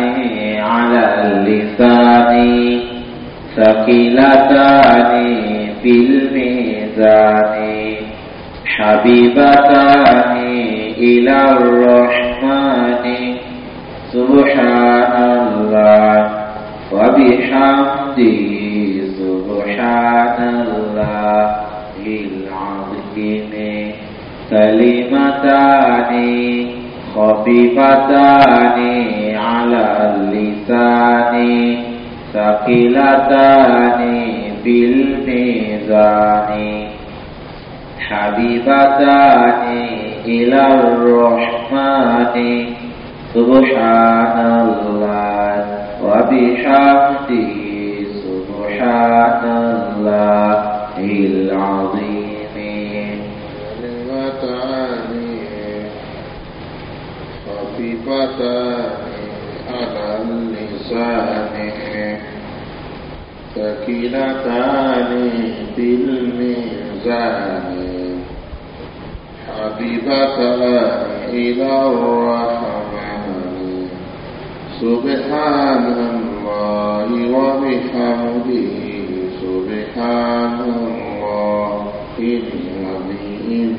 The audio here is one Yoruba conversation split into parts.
ثقيلتان على اللسان ثقيلتان في الميزان حبيبتان إلى الرحمن سبحان الله وبحمده سبحان الله العظيم كلمتان خفيفتان على اللسان ثقيلتان بالميزان حبيبتان إلى الرحمن سبحان الله وبحمده سبحان الله العظيم حبيبتان الميزان ثقيلتان في الميزان حبيبتان إلى الرحمن سبحان الله وبحمده سبحان الله العظيم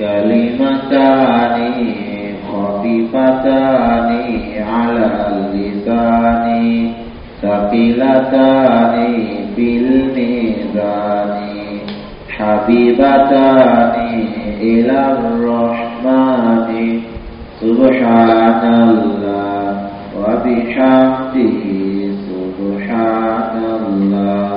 كلمتان خفيفتان على اللسان ثقيلتان في الميزان حبيبتان إلى الرحمن سبحان الله وبحمده سبحان الله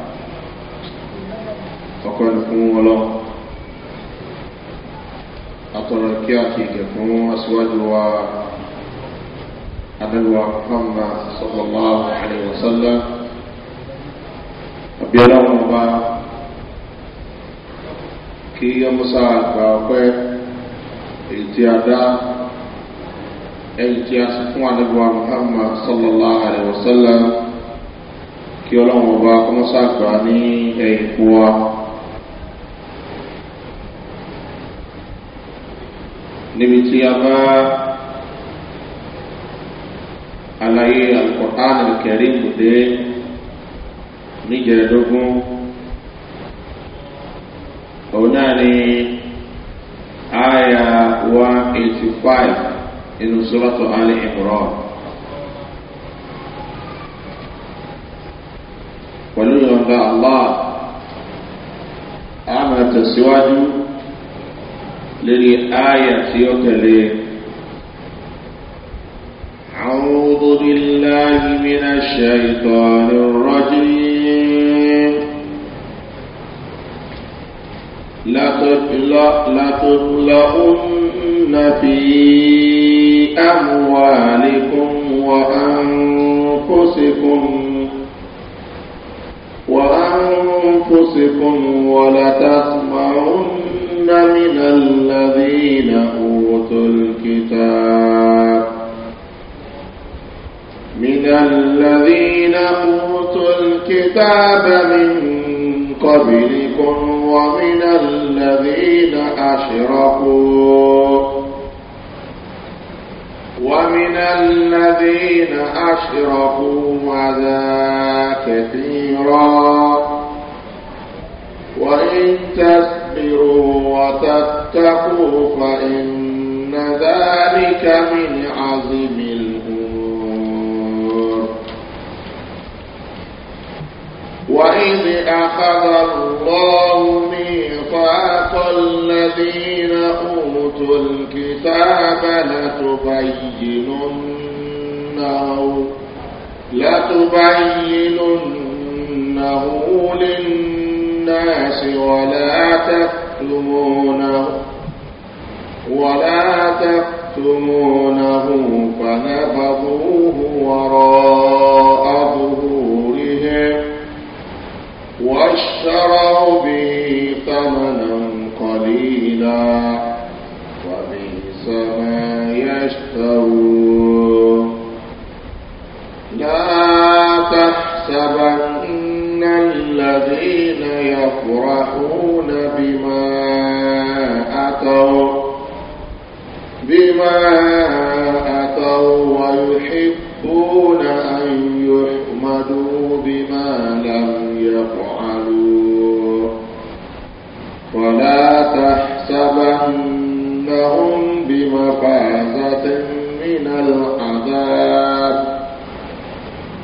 ọkùnrin fún ọlọ́run àtọ̀rọ̀ kí a ti gẹ̀ fún aṣíwájú wa adẹ́wà fáwọn sọ̀rọ̀lá àríwọ̀sọ́lá àbíọ́lá wọn bá kí ọmọsá àgbà ọpẹ́ èyí tí a dá ẹni tí a sì fún adẹ́wà muhammad sọ̀rọ̀lá àríwọ̀sọ́lá kí ọlọ́run ọba ọmọsá àgbà ní ẹ̀yìn fún wa. níbi tí a bá àlàyé alukur'an kẹrí mùdé níjẹ̀ẹ́dógún òun náà ni àyà one eighty five inú sọ́lọ́tò alẹ́ ìmùrọ̀. pẹ̀lú yọ̀ǹda allah a máa lórí àyà tí ó tẹ̀lé. أعوذ بالله من الشيطان الرجيم لتبلغن في أموالكم وأنفسكم وأنفسكم ولتسمعن من الذين أوتوا الكتاب من الذين أوتوا الكتاب من قبلكم ومن الذين أشركوا ومن الذين أشركوا وذا كثيرا وإن تستطيعوا تستكبروا وتتقوا فإن ذلك من عظم الأمور وإذ أخذ الله ميقات الذين أوتوا الكتاب لتبيننه لتبيننه للناس الناس ولا تكتمونه ولا تكتمونه فنبذوه وراء ظهورهم واشتروا به ثمنا قليلا وبئس ما يشترون لا تحسبن الذين يفرحون بما أتوا بما أتوا ويحبون أن يحمدوا بما لم يفعلوا ولا تحسبنهم بمفازة من العذاب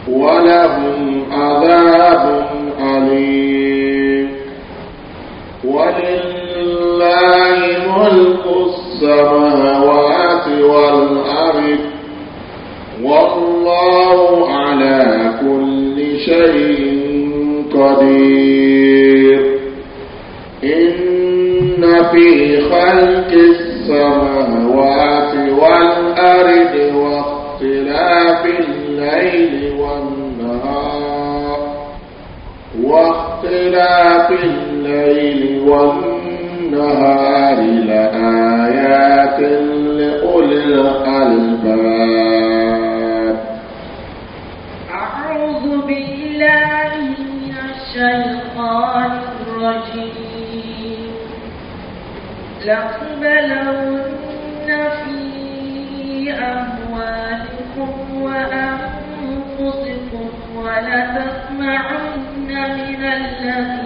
ولهم عذاب أليم ولله والنهار لآيات لأولي الألباب أعوذ بالله من الشيطان الرجيم لتبلون في أموالكم وأنفسكم ولتسمعن من الذين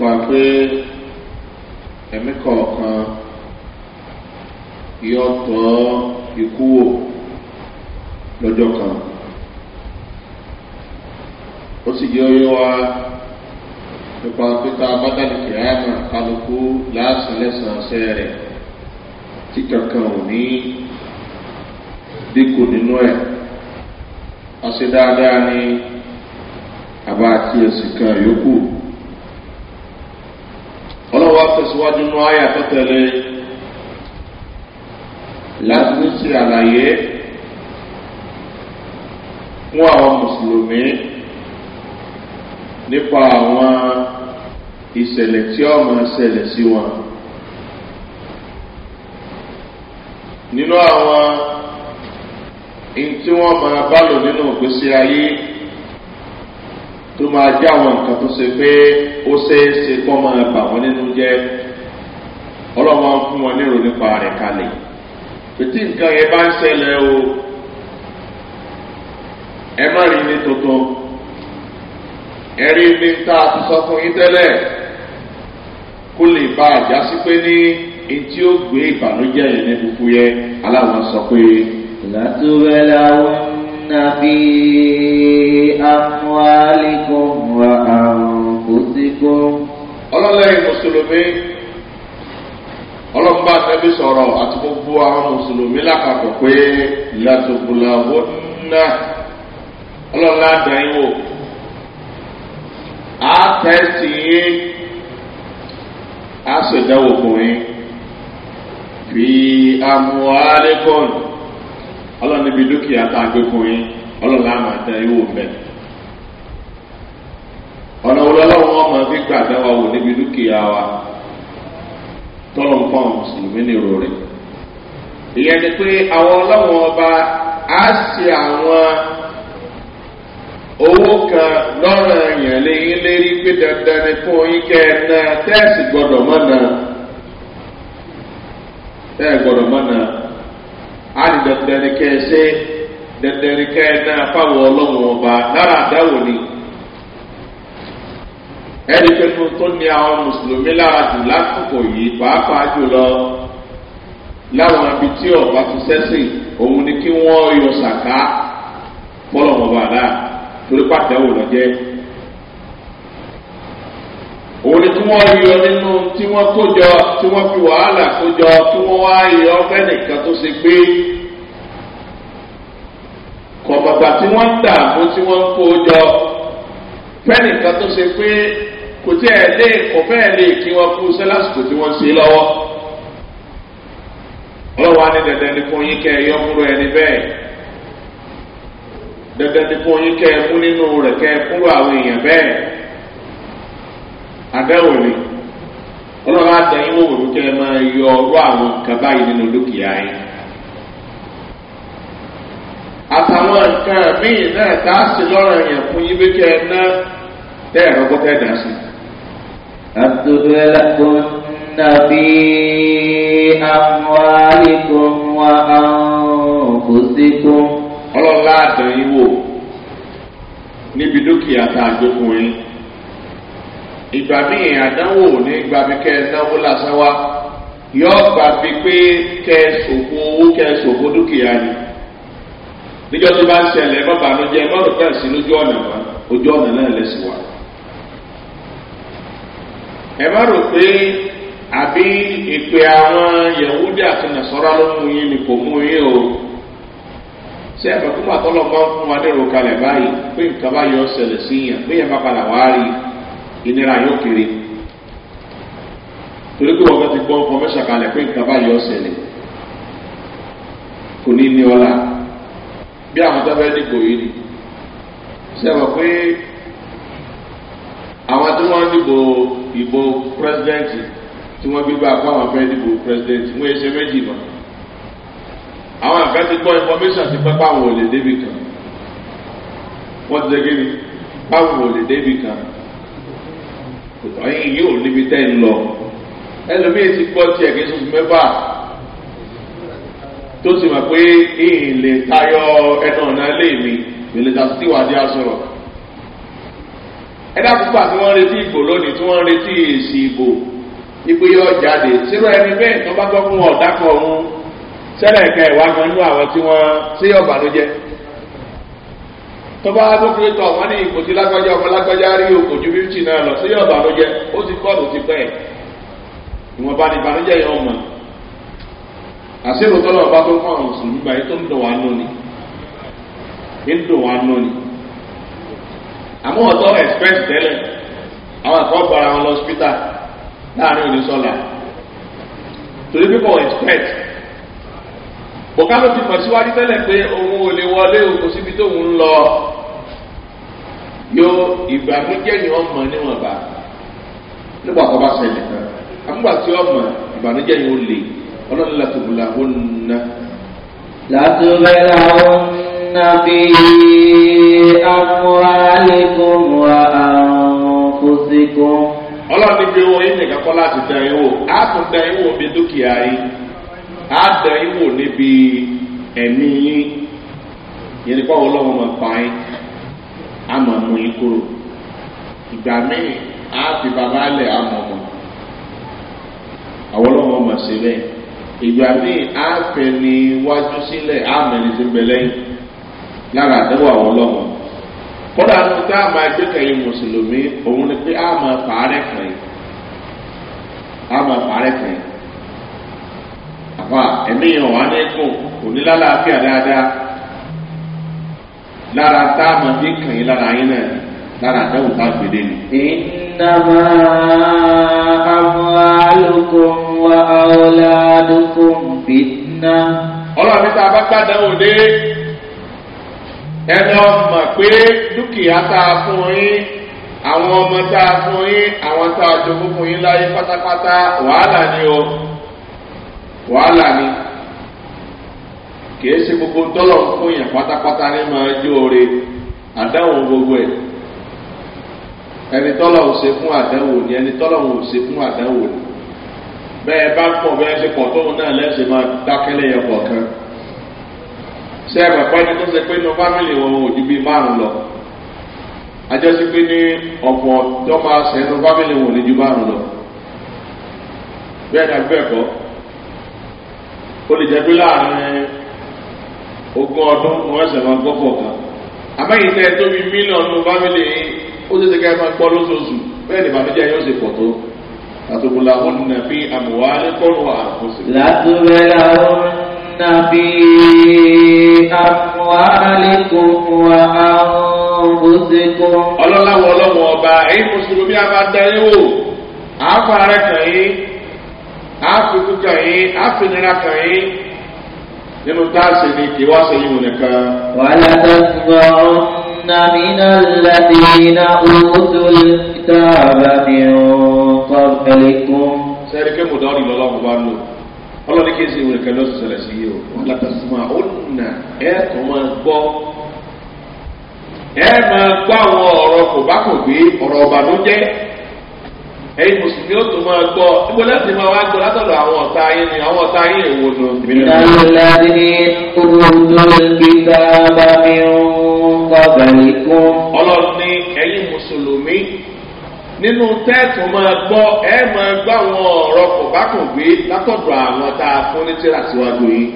nípa pé ẹ̀mí kọ̀ọ̀kan yọ tọ́ ikú wò lọ́jọ́ kan ó sì jẹ́ oyé wa nípa pété abádàlùkì àmà kálukú láàsán lẹ́sàn ọ̀sẹ̀ rẹ̀ tí kankan ò ní dínkù nínú ẹ̀ ọ̀sẹ̀ dáadáa ni àbá àti ẹ̀sìn kan yòókù tẹ̀síwájú nú àyà tó tẹ̀lé láti ṣe àlàyé fún àwọn mùsùlùmí nípa àwọn ìṣẹ̀lẹ̀ tí ó máa ṣẹlẹ̀ sí wọn. nínú àwọn ìtí wọ́n máa bá lò nínú òpèsè ayé tó máa jẹ́ àwọn nǹkan tó ṣe pé ó ṣeé ṣe kọ́ máa bà wọ́n nínú jẹ́ ọlọ́mọ fún wọn nírò nípa rẹ̀ kalẹ̀ pètí nǹkan yẹn bá ń ṣẹlẹ̀ o ẹ má rí ní tuntun ẹ rí ní ta ti sọ fún yín tẹ́lẹ̀ kó lè ba àjá sí pé ní etí ó gbé ìbànújẹ́ yẹn ní fufu yẹn aláwọ̀ sọ pé. ìlàtúwẹ̀ làwọn. في أموالكم وأنفسكم ọlọ́lẹ́yìn mùsùlùmí ọlọ́mbà nẹ́bí sọ̀rọ̀ àti gbogbo àwọn mùsùlùmí lápapọ̀ pé ìyàtọ̀gbùlàwó ńnà ọlọ́lá àdáyìnwó àtẹ̀sí yín àṣẹ̀dáwò fún yín fi ọlọ́run níbi dúkìá tá a gbé fún yín ọlọ́run láàmú àtẹ yóò mẹ́. ọ̀nà wo lọ́wọ́ wọn máa fi gbà wa wò níbi dúkìá wa tọ́lọ̀ ń ní ìrò rẹ̀. ìyẹn ni pé àwọn ọba á ṣe àwọn owó kan lọ́rọ̀ léyìn lérí pé dandan á ní dandan ní kẹ́ ẹ ṣe dandan ní kẹ́ ẹ náà fáwọn ọlọ́run ọba lára àdáwò ni ẹni pé mo tó ní àwọn mùsùlùmí lára jù lákòókò yìí pàápàá jùlọ láwọn abi tí ọba ti sẹ́sìn òun ni kí wọ́n yọ sàká fọlọ́mọba náà torí pàtẹ́wò lọ́jẹ́ òun ni tí wọ́n yọ nínú tí wọ́n kójọ tí wọ́n fi wàhálà kójọ tí wọ́n wá yọ ọgbẹ́ nìkan tó ṣe pé kọ̀bàbà tí wọ́n ń dààmú tí wọ́n ń kójọ fẹ́nìkan tó ṣe pé kò tí ẹ̀ lé kò fẹ́ẹ̀ lè kí wọ́n kú sẹ́lásìkò tí wọ́n ṣe lọ́wọ́ ọlọ́wọ́ á ní dandan ní fún yín kẹ́ ẹ yọ fúnra ẹni bẹ́ẹ̀ dandan ní fún yín kẹ́ ẹ mú nínú rẹ̀ kẹ́ ẹ fúnra àwọn èèyàn bẹ́ẹ̀. àbẹ̀wò ni ọlọ́run àtẹ̀yìn wò wò kẹ́ ẹ máa yọ ọrụ àwọn nǹkan báyìí nínú dúkìá yẹn. àtàwọn nǹkan míì náà tá a sì lọ́rọ̀ yẹn fún yín pé ẹ ná tẹ́ ẹ̀rọ tẹ́ dà sí. nàbí àmúhálìkùn ọlọ́run àtẹ̀yìn wò níbi dúkìá tá a yín. ìgbà míì àdánwò ní gbàbí kẹ́ ẹ náwó lásán wá yọ gbàbí pé kẹ́ ẹ sòfò owó kẹ́ ẹ sòfò dúkìá ni níjọ́ tó bá ń ṣẹlẹ̀ mọ́ bànújẹ́ mọ́rùn pẹ̀ sí lójú ọ̀nà wa ojú ọ̀nà náà lẹ́sìn wa. ẹ má rò pé àbí ìpè àwọn yahudi àti nasọ́ra ló mú yín ni kò mú yín o ṣé ẹ̀fọ́ tó bá fún wa lérò kalẹ̀ báyìí pé nǹkan bá yọ ọ́ ṣẹlẹ̀ sí yàn pé yẹn bá padà wá rí i ìnira yóò kiri torí pé wọ́n ti gbọ́ nǹkan mẹ́sàn kalẹ̀ pé nǹkan báyìí ọ̀sẹ̀lẹ̀ kò ní ní ọlá bí àwọn tó fẹ́ dìbò yìí ni sẹ́wọ̀n pé àwọn tó wọ́n dìbò ìbò pírẹ́sidẹ́ǹtì tí wọ́n gbé gbà fún àwọn fẹ́ dìbò pírẹ́sidẹ́ǹtì wọ́n ṣe méjì mọ́ àwọn àgbà ti gbọ́ information ti pẹ́ pàwọn ò lè débi kan wọ́n ti dẹ́gẹ́ pàwọn ò lè kan ẹ̀yìn yóò níbi tẹ́ ń lọ ẹlòmíì ti gbọ́ tiẹ̀ kí tuntun mẹ́fà tó ti mọ̀ pé ìhìn lè tayọ ẹnu ọ̀nà ilé mi ìlẹ̀ta sí ìwádìí asọ̀rọ̀ ẹ̀dá púpà tí wọ́n retí ìbò lónìí tí wọ́n retí èsì ìbò ipò yóò jáde sírò ẹni bẹ́ẹ̀ tó bá gbọ́ fún ọ̀dà kan ọ̀hún sẹ́lẹ̀ ẹ̀ka ìwà kan nú àwọn tí wọ́n sí ọ̀bànújẹ́ tọba bá tó kéré tó àwọn ní ipò tí lágbájá ọmọ lágbájá rí lọ sí ó ti kọ́ ti pẹ́ ìwọ̀nba ni ìbànújẹ́ yẹn ọmọ àṣírò ọba tó fún àwọn mùsùlùmí báyìí tó ń dùn wá nù ni ń dùn wá express tẹ́lẹ̀ àwọn àkọ́ gbọ́ra wọn láàrin òní sọ́la express ọ̀gá ló ti mọ̀ síwájú tẹ́lẹ̀ pé òun ò lè wọlé òkò síbi tóun ń lọ yóò ìbànújẹ́ ni wọ́n mọ̀ níwọ̀nba nígbà tó bá ṣẹlẹ̀ àmúgbà tí lè ọlọ́run nà. bí ọlọ́run ní bí owó nìkan kọ́ láti àádọ́ yín wò níbi ẹ̀mí yín yẹn ní pàwọ́ lọ́wọ́ máa pa yín á máa mú yín kúrò ìgbà míì á fi bàbá lẹ̀ á mọ̀ mọ̀ àwọn lọ́wọ́ máa ṣe bẹ́ẹ̀ ìgbà míì á fẹ́ ni wájú sílẹ̀ á mẹ́rin tó bẹ lẹ́yìn lára àdéhùn àwọn lọ́wọ́ kódà tó tá a máa gbé kẹyìn mùsùlùmí òun ni pé á máa kẹyìn á máa kẹyìn àfa ẹ̀mí yẹn wà ní gùn kò ní lálàáfíà dáadáa lára tá a máa fi kàn yín lára yín náà lára àdáwò tá a ni. ìnáwó àwọn alùpùpù wa ọ̀làdùnkùn fìtnà. ọlọ́run ní tá a bá gbàdánwò dé ẹni ọmọ pé dúkìá tá a fún yín àwọn ọmọ tá a fún yín àwọn tá a jogún fún yín láyé pátápátá wàhálà ni o wàhálà ni kìí ṣe gbogbo dọ́lọ̀ fún yàn pátápátá ní máa jó ore àdáhùn gbogbo ẹ̀ ẹni tọ́lọ̀ ò ṣe fún àdáhùn ni ẹni tọ́lọ̀ ò ṣe fún àdáhùn ni bẹ́ẹ̀ bá pọ̀ bẹ́ẹ̀ ṣe pọ̀ tóun náà lẹ́sìn máa dákẹ́lẹ́ yẹn pọ̀ kan ṣe ẹ̀mọ̀ pẹ́ni tó ṣe pé inú fámìlì wọn ò ju bíi márùn lọ àjọṣe pé ní ọ̀pọ̀ tó máa ṣe inú fámìlì wọn ò ní ju márùn lọ bẹ́ẹ̀ ni àgbẹ̀kọ́ ó lè jẹ́ pé láàrin ogún ọdún ni wọ́n ṣẹ̀ máa gbọ́ pọ̀ kan àbẹ́yìn tẹ́ tó bí mílíọ̀nù fámìlì ó ṣe ṣe ká máa gbọ́ lóṣooṣù bẹ́ẹ̀ ni bàbájá yóò ṣe pọ̀ tó látòbúlà ó nà fi àmùwá lẹ́kọ̀ọ́ àkóso. látòbúlà ó nà fi àmùwá lẹ́kọ̀ọ́ àkóso. ọlọ́láwọ̀ ọlọ́wọ̀ ọba ẹ̀yin mùsùlùmí a àfikún kan yín àfinira kan yín nínú táàsì ni kì í wá sí yín nìkan. wàhálà tó ń gbọ́ ọ̀nà mìíràn lẹ́yìn iná òótọ́ ìtààbà ni ọkọ̀ ẹ̀lẹ́kùn. sẹ́ẹ̀rì kí mo dọ́ọ̀rì lọ́lọ́run bá lò ọlọ́ni kí n sì wọ̀nyí kan lọ́sọ̀ sẹlẹ̀ sí yìí o wàhálà tó ń gbọ́ ọ̀nà ẹ̀ tó máa gbọ́ ẹ̀ máa gbọ́ àwọn ọ̀rọ̀ kò bá kò gbé ọ̀rọ̀ ọ̀bànújẹ́ ẹyin mùsùlùmí ó tún máa gbọ́ níbo láti máa wá gbọ́ látọ̀dọ̀ àwọn ọ̀tá yín ni àwọn ọ̀tá yín èwo nù. ìdánilẹ́ni olùdókítà bá mi ń kọ́gbà nìkún. ọlọ́run ní ẹyin mùsùlùmí nínú tẹ́ẹ̀tù máa gbọ́ ẹ máa gbọ́ àwọn ọ̀rọ̀ kò bá kò gbé látọ̀dọ̀ àwọn tá a fún ní tíra síwájú yìí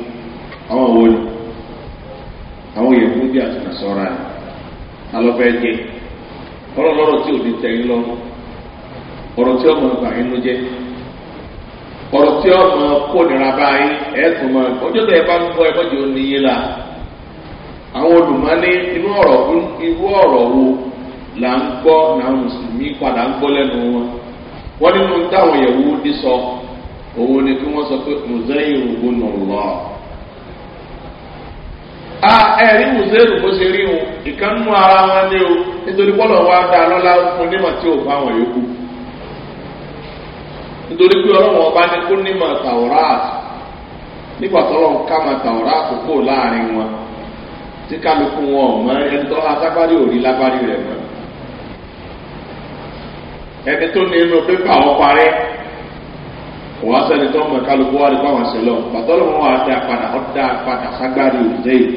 àwọn wo ni àwọn yẹ̀wò bí àtúnṣe sọ́ra ta ọ̀rọ̀ tí ọmọ ọgbà inú jẹ́ ọ̀rọ̀ tí ọmọ kó nira báyìí ẹ̀ẹ́dùn máa gbọ́ ọjọ́ tó ẹ bá ń gbọ́ ẹgbẹ́jọ níyìn la àwọn olùmọ́ni inú ọ̀rọ̀ irú ọ̀rọ̀ wo là ń gbọ́ làwọn mùsùlùmí padà ń gbọ́ lẹ́nu wọn wọ́n nínú táwọn sọ òun ni kí wọ́n sọ pé mùsẹ́yìn nà lọ. a ẹ̀rí mùsẹ́yìn bó ṣe rí wọn ìkànnú ara wọn ní o nítorí bọ́lọ̀ wa tí ò nítorí pé ọlọ́run ọba ní kó nímọ̀ tàwọ́ráàtì nígbà tọ́lọ́run ká máa tàwọ́ráàtì kó láàrin wọn tí kálukú wọn ò mọ ẹni tọ́lá sábàrí òrí lábàrí rẹ̀ mọ́ ẹni tó ní inú pépà wọn parẹ́ òun asẹ́ni tó mọ kálukú wá ní fáwọn ṣẹlẹ̀ ọ̀hún pàtọ́lọ́ wọn wà á dá padà ọ́ dá padà ságbárí òrí lẹ́yìn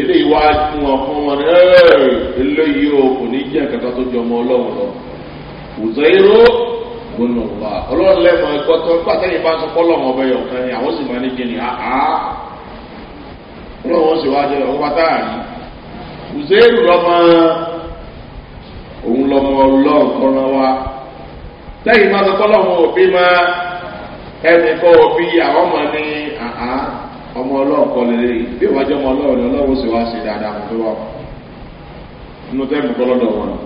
eléyìí wá fún wọn fún wọn ní ẹ́ẹ̀ eléyìí o kò ní jẹ́ kẹta tó jọmọ ọlọ́run lọ. òzòyìnrò gbónúwà ọlọ́run lẹ́mọ̀ ẹ̀kọ́ tó ń pàtẹ́yìn bá sọ pọ́lọ́ ọmọ ọbẹ̀ yọ̀kan ni àwọn sì máa ní kíni àá ah, ah. ọlọ́run sì wá jẹ́ ọwọ́ táàrí òzòyìnrò lọ́mọ òun lọ́mọ ọlọ́run kọ́ran wa lẹ́yìn máa sọ òbí ẹnì kọ́ òbí àwọn ọmọ ah, ọmọ ọlọ́run kọ́ bí ọmọ ọlọ́run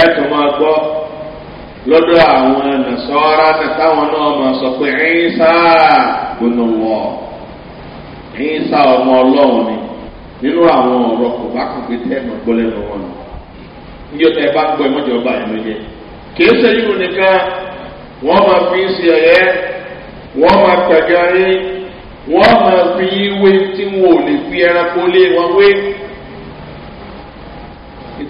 ẹ tún máa gbọ́ lọ́dọ̀ àwọn nàṣọ́ra táwọn náà máa sọ pé ẹ̀yìnsá ma wọ̀ ẹ̀yìnsá ọmọ ọlọ́run ni nínú àwọn ọ̀rọ̀ kò bá kò gbé tẹ́ ẹ̀mọ̀ gbọ́ lẹ́nu wọn níjọ́ tẹ́ ẹ bá gbọ́ ẹ̀mọ́jọ́ bá ẹ̀mọ́ jẹ kì ṣe yíyún nìkan wọ́n máa fi ń ṣe ẹ̀yẹ́ wọ́n máa tẹ̀gẹ́ wọ́n máa fi yí wé tí wọn ò lè fi ẹranko lé wọn wé.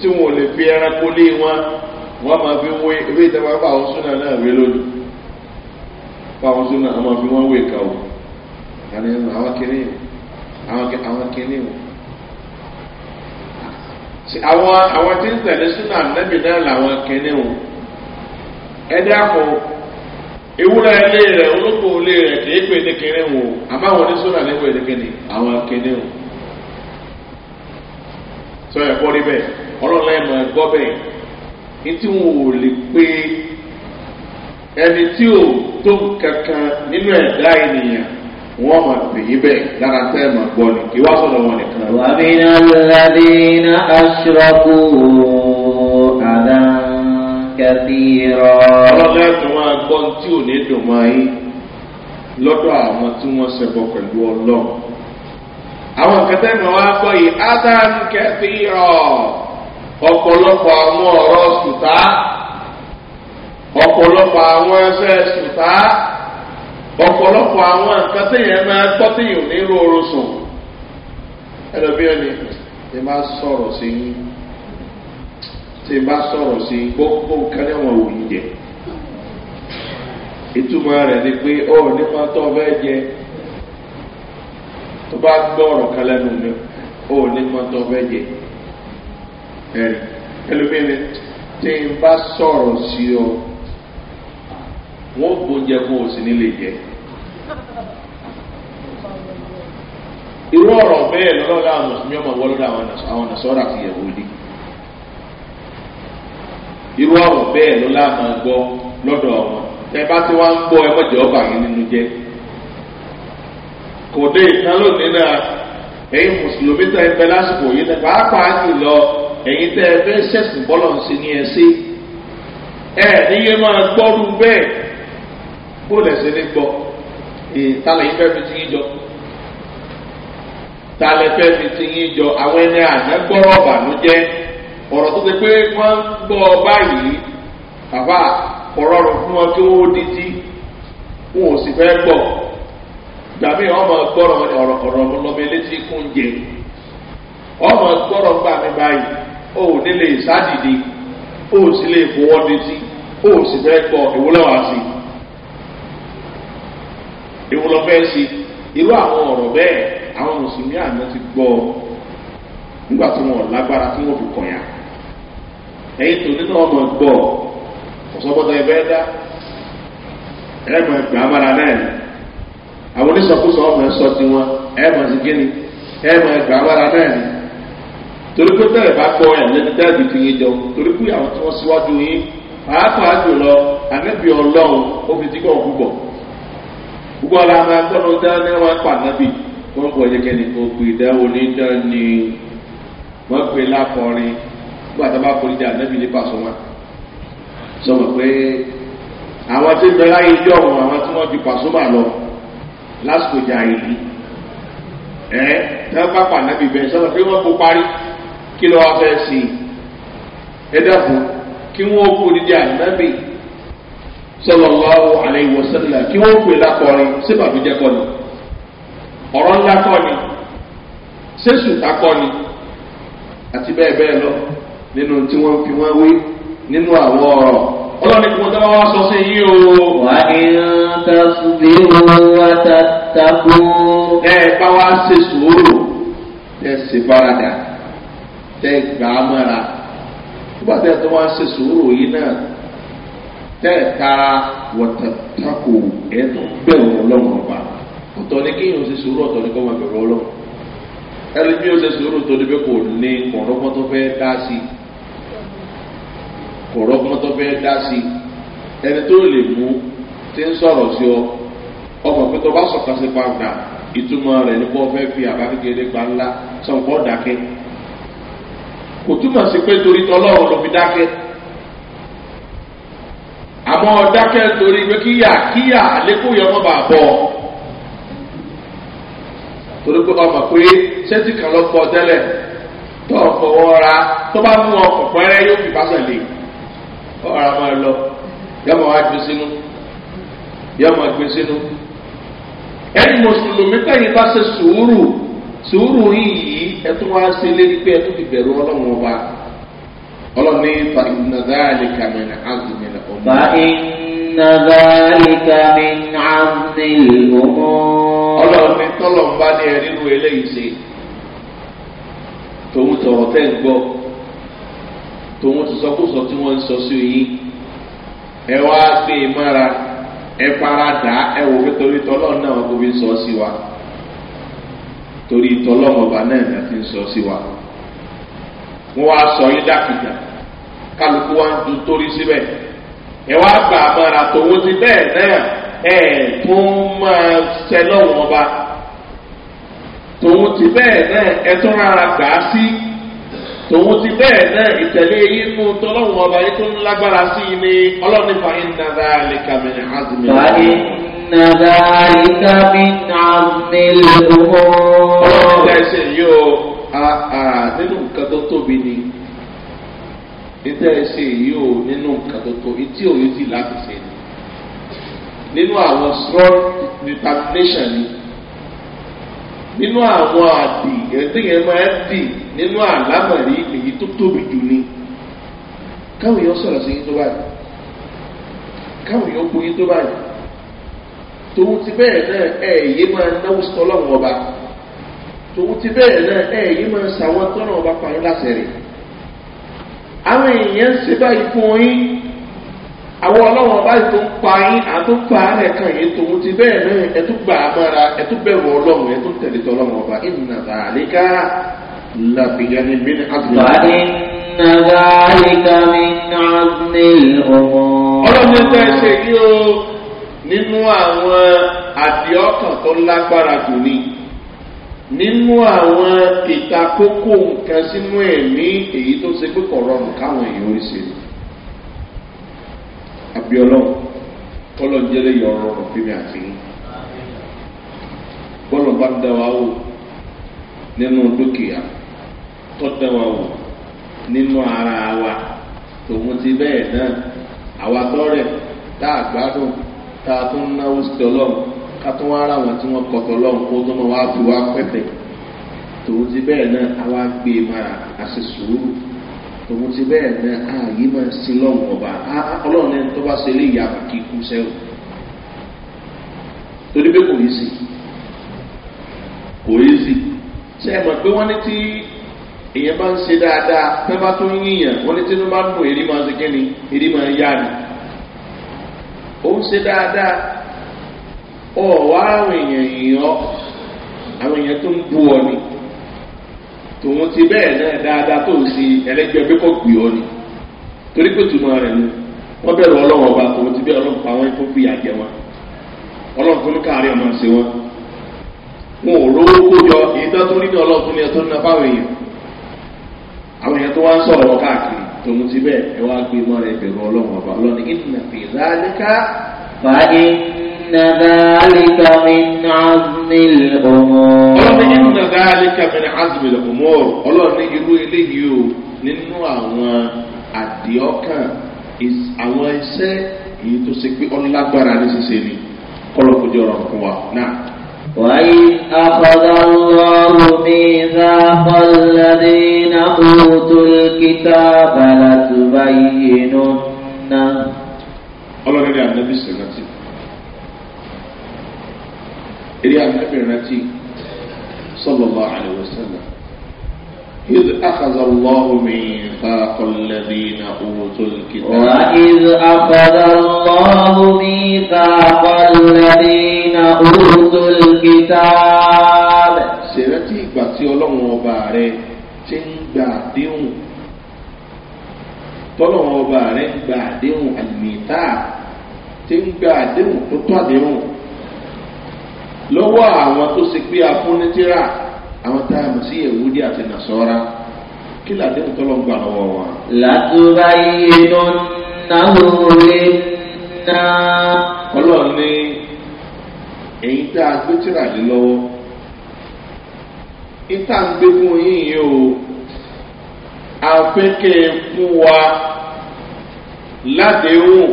tí wọn ò lè fi ẹranko lé wọn wọn máa fi wé ewé ìjọba pa àwọn súnà náà wé lónìí pa àwọn súnà máa fi wọn wé ká o àwọn kìnìún àwọn kìnìún àwọn àwọn tí ń tẹ̀lé súnà nẹ́bì náà làwọn kìnìún ẹni àpò ewúrẹ́ ilé rẹ̀ olóko ilé rẹ̀ kìí pè ní kìnìún o àmọ́ àwọn oníṣúná níbo ìdíkìnì àwọn sọ rí bẹ́ẹ̀. ọlọ́run láì máa gbọ́ bẹ́ẹ̀ ní tí wọn ò lè pe ẹni tí ò tó kankan nínú ẹ̀dá ènìyàn wọ́n máa pè yín bẹ́ẹ̀ lára tẹ́ ẹ máa gbọ́ ni kí wá sọ̀rọ̀ wọn nìkan. wà á bí náà iná aṣọ́kù àdá kẹfìrọ. ọlọ́run láì tún máa gbọ́ tí ò ní dùn máa yín lọ́dọ̀ àwọn tí wọ́n ṣẹbọ pẹ̀lú ọlọ́run àwọn kẹtẹ́ ni á gbọ́ yìí ádá kẹfìrọ. ọ̀pọ̀lọpọ̀ àwọn ọ̀rọ̀ sùtá ọ̀pọ̀lọpọ̀ àwọn ẹsẹ̀ sùtá ọ̀pọ̀lọpọ̀ àwọn nǹkan téèyàn máa gbọ́ ní róró sùn ni i tí n sọ̀rọ̀ sí i gbogbo nǹkan ọ nípa tó ọbẹ̀ jẹ tó bá gbọ́ ọ̀rọ̀ ọ nípa tó ọbẹ̀ jẹ. ẹlòmíín tí n bá sọ̀rọ̀ sí ọ wọ́n gbóúnjẹ fún òsì nílé jẹ. irú ọ̀rọ̀ bẹ́ẹ̀ lọ́lọ́dọ̀ àwọn mùsùlùmí ọmọ wọ́lọ́dọ̀ àwọn nàṣọ́rọ̀ àti ìyàwó ni irú ọ̀rọ̀ bẹ́ẹ̀ ló láàmú gbọ́ lọ́dọ̀ wọn ẹ bá ti wá ń gbọ́ ẹ mọ̀jẹ̀ ọba yín nínú jẹ́ kò dé ìtàn lónìí náà ẹ̀yin mùsùlùmí tẹ̀ ń bẹ lásìkò yìí náà pàápàá sì lọ ẹ̀yin tẹ́ ẹ fẹ́ sẹ̀sìn bọ́lọ̀ e si e ẹ sí ẹ níyẹn máa gbọ́rú bẹ́ẹ̀ kó lẹ̀sẹ̀ ní gbọ́ ìtàlẹ̀ fi ti yín jọ tàlẹ̀ fẹ́ fi ti yín jọ àwọn ẹni àná bànújẹ́ ọ̀rọ̀ tó ti pé wọ́n gbọ́ báyìí bàbá ọ̀rọ̀ rẹ̀ fún wọn kí di wọn ò sì fẹ́ gbọ́ gbàmí ọmọ gbọ́rọ̀ ọ̀rọ̀ o ò nílé o ò sì lè o ò sì fẹ́ gbọ́ ìwúlọ́wà sí irú àwọn ọ̀rọ̀ bẹ́ẹ̀ àwọn mùsùlùmí àná ti gbọ́ nígbà tí wọn lágbára tí wọn fi kàn yá tó nínú ọmọ gbọ́ ọ̀sọ́gbọ́dọ̀ ẹ̀fẹ́ dá ẹ̀mọ̀ ẹ̀gbẹ́ amára náà ni tiwọn torí pé bẹ́ẹ̀ bá gbọ́ ẹ̀ lẹ́nu dáàbì fi yín jọ torí pé àwọn tí wọ́n síwájú yín pàápàá jùlọ ànábì ọlọ́run ó fi dígbà òkú bọ̀ gbogbo ara máa ń gbọ́dọ̀ dáná wá pa ànábì wọ́n bọ̀ yẹ́kẹ́ ní ògbè ìdáwó ní dání wọ́n pè lákọrin nígbà tó bá forí dé ànábì ní pàṣọ wọn sọ ma pé àwọn tí bẹ láyé jọ wọn àwọn tí wọ́n ju pàṣọ mà lọ lásìkò jà yìí ẹ tẹ́ bá pa ànábì bẹ́ẹ̀ sọ ma pé wọ́n kó parí kí ló wá fẹ́ sí i ẹ dẹ́kun kí wọ́n kú nídìí ànábì sọlọ́láhùn àlẹ́yìn wọ́sẹ́lá kí wọ́n pè lákọrin sí bàbújẹ́ kọ́ni ọ̀rọ̀ ńlá kọ́ni sẹ́sùtà kọ́ni àti bẹ́ẹ̀ bẹ́ẹ̀ lọ nínú tí wọ́n fi wọ́n wí nínú àwọn ọ̀rọ̀ ọlọ́ni kò tẹ́ wá sọ sí yí o. wà á ta sùdìrò wà á ta takò. ẹ bá wa ṣe sùúrù ẹ sì faradà tẹ́ gbà á mọ́ra nígbà tẹ́ tó wá ṣe sòwúrò yìí náà tẹ́ tara wọ̀tàkù ẹ̀tọ́ bẹ̀rù ọlọ́run ọba ọ̀tọ̀ ni kí yóò ṣe sòwúrò ọ̀tọ̀ ni kọ́ máa bẹ̀rù ọlọ́run ẹni bí yóò ṣe sòwúrò tó níbi kò ní kọ̀ọ̀rọ́gbọ́n fẹ́ dá sí kọ̀ọ̀rọ́gbọ́n fẹ́ dá sí ẹni tó lè mú ti ń sọ̀rọ̀ sí ọ ọmọ pé bá sọ̀kan pàǹdà ìtumọ̀ rẹ̀ ní kó fẹ́ fi àbá kékeré ńlá sọ̀kọ́ dákẹ́ kò túmọ̀ sí pé torí tọlọ́run ló fi dákẹ́ àmọ́ dákẹ́ torí pé kíyà kíyà àlékún yẹn wọ́n bá bọ̀ torí pé ọmọ pé sẹ́tì kan ló pọ̀ tẹ́lẹ̀ tó ọ̀fọwọ́ ra tó bá mú ọkọ̀ pẹ́rẹ́ yóò fi pásẹ̀ lé ọ̀rọ̀ àmọ́ ẹ lọ yọmọ wa gbé sínú yọmọ gbé sínú ẹni mùsùlùmí tẹ̀yìn bá ṣe sùúrù sùúrù yìí ẹtú wá sí lérí pé ẹtú fi bẹ̀rù ọlọ́run ọba ọlọ́run ní fa ìnàdáàlì kàmínà azùmínà ọmọ. fa ìnàdáàlì kàmínà azùmínà ọmọ. ọlọ́run ní tọ́lọ̀ ń bá ní ẹríru eléyìí ṣe tòun tọ̀rọ̀ tẹ́ ń gbọ́ tòun ti sọkúsọ tí wọ́n ń sọ sí yìí ẹ wá gbé e mára ẹ fara dà ẹ wò pé torí tọ́lọ́ náà kò fi sọ sí wa torí tọlọ́mọba náà ní a fi ń sọ sí wa wọ́n wá sọ yín dákìjà kálukú wa ń du torí síbẹ̀ ẹ wá gbà àmọ́ra tòun ti bẹ́ẹ̀ náà ẹ tún máa ṣẹ lọ́wọ́n ọba tòun ti bẹ́ẹ̀ náà ẹ tún rárá gbà á sí tòun ti bẹ́ẹ̀ náà ìtẹ̀lé yín fún tọlọ́wọ́n ọba tó ń lágbára sí i ní ọlọ́ọ̀nìfà yín nàdá lè kàmìnì hàzìmì. ذلك من عزم الأمور. ọlọ́run ẹsẹ̀ yóò nínú nǹkan tó tóbi ni níta ẹsẹ̀ yóò nínú nǹkan tó tóbi tí òye sì láti ṣe ni nínú àwọn strong determination ni nínú àwọn àdì ẹ̀ẹ́dẹ́yẹn máa ń dì nínú àlámọ̀rí èyí tó tóbi jù ni káwọn èèyàn sọ̀rọ̀ sí yín tó báyìí káwọn èèyàn kú yín tó báyìí tòun ti bẹ́ẹ̀ náà ẹ̀ yé máa náwó sọlọ́run ọba tòun ti bẹ́ẹ̀ náà ẹ̀ yé máa sàwọn tọ́nà ọba pa yín láti rè àwọn èèyàn ń ṣe báyìí fún yín àwọn ọlọ́wọ́n ọba yìí tó ń pa yín àtún pa àárẹ̀ kan yìí tòun ti bẹ́ẹ̀ náà ẹ̀ tún gbà á mọ́ra ẹ̀ tún bẹ̀rù ọlọ́run ẹ̀ tún tẹ̀lé tọ́lọ́run ọba ìnàdà àlékà làbìyànjú bí ní àdúrà. ìnàdà ní àdúrà nínú àwọn àdìọ́kàn tó lágbára jù ni nínú àwọn ìtakókò nǹkan sínú ẹ̀mí èyí tó ṣe pé kò rọrùn káwọn èèyàn orí ṣe ni abiolóhùn kọlọ̀njẹ́lẹ̀ yọ rọrùn fún mi àti yín bọ́lọ̀ bá dá wa wò nínú dúkìá tó dá wa wò nínú ara wa tòun ti bẹ́ẹ̀ náà àwa tọ́rẹ̀ tá a gbádùn tá a tún náwó sí ọlọ́run ká tún wá ara wọn tí wọ́n kọ̀tọ̀ ọlọ́run kó tó mọ̀ wá fi wá pẹ̀tẹ̀ tòun ti bẹ́ẹ̀ náà a wá gbé e mara àṣẹ sùúrù tòun ti bẹ́ẹ̀ náà a yìí máa sin lọ́run ọba ọlọ́run ẹni tó bá ṣe lè yà kí ikú sẹ́wọ̀n torí pé kò yí sí kò yí sí ṣe é mọ̀ pé wọ́n ní tí èèyàn bá ń ṣe dáadáa fẹ́ bá tún yíyàn wọ́n ní tí wọ́n bá ń mú èrí máa ṣe kí ni èrí máa yá ni ó ń ṣe dáadáa ọ wá àwọn èèyàn yìnyín ọ àwọn èèyàn tó ń bu ọ ni tòun ti bẹ́ẹ̀ náà dáadáa tó ń ṣe ẹlẹ́gbẹ́ pé kò gbé ọ ni torí pé tùmọ̀ rẹ̀ ni wọ́n bẹ̀rù ọlọ́wọ́ ọba tòun ti bẹ́ẹ̀ ọlọ́run pa wọ́n tó fìyà jẹ wọn ọlọ́run tó káàárẹ̀ ọmọ ṣe wọn wọn ò rówó kójọ èyí tó ọlọ́run tó ní ẹ tó ń na fáwọn èèyàn àwọn èèyàn tó wá ń sọ̀rọ̀ káàkiri tòun ti bẹ́ẹ̀ ẹ wá gbé mọ́ rẹ bẹ̀rù ọlọ́run ọba ọlọ́run ìdùnnà fìlà àlíkà fàáyé nàdàlíkà mi nàzmìlì ọmọ. ọlọ́run ní nàdàlíkà mi nàzmìlì ọmọ ọlọ́run ní irú eléyìí o nínú àwọn àdìọ́kàn àwọn iṣẹ́ èyí tó ṣe pé ọlágbára ní ṣíṣe ni kọ́lọ́kọ́jọ́ ọ̀rọ̀ fún wa náà. وإذ أخذ الله ميثاق الذين أوتوا الكتاب لتبيننه ọlọ́run ní ànábì na rántí eré ànábì rántí sọ́lọ́lá àlẹ́wọ̀sẹ́lẹ̀ yìí àkàzọ̀ lọ́hùn mìíràn. ميثاق الذين أوتوا الكتاب وإذ أخذ الله ميثاق الذين أوتوا الكتاب سيرتي باتي ọlọ́run ọba rẹ ti ń gba àdéhùn tọ́lọ́run ọba rẹ ń gba àdéhùn àlùmíta ti ń gba àdéhùn tó tó àdéhùn lọ́wọ́ àwọn tó ṣe pé afúnitìrà àwọn tá a mọ̀ sí yẹ̀wúdí àti nàṣọ́ra kí làdé tó lọ gbà lọ́wọ́ wa. làtúbà iye náà wọlé náà. ọlọ́run ní èyí tá a gbé tíra lé lọ́wọ́ ìta ń gbé fún yín yìí o afẹ́kẹ́ fún wa ládéhùn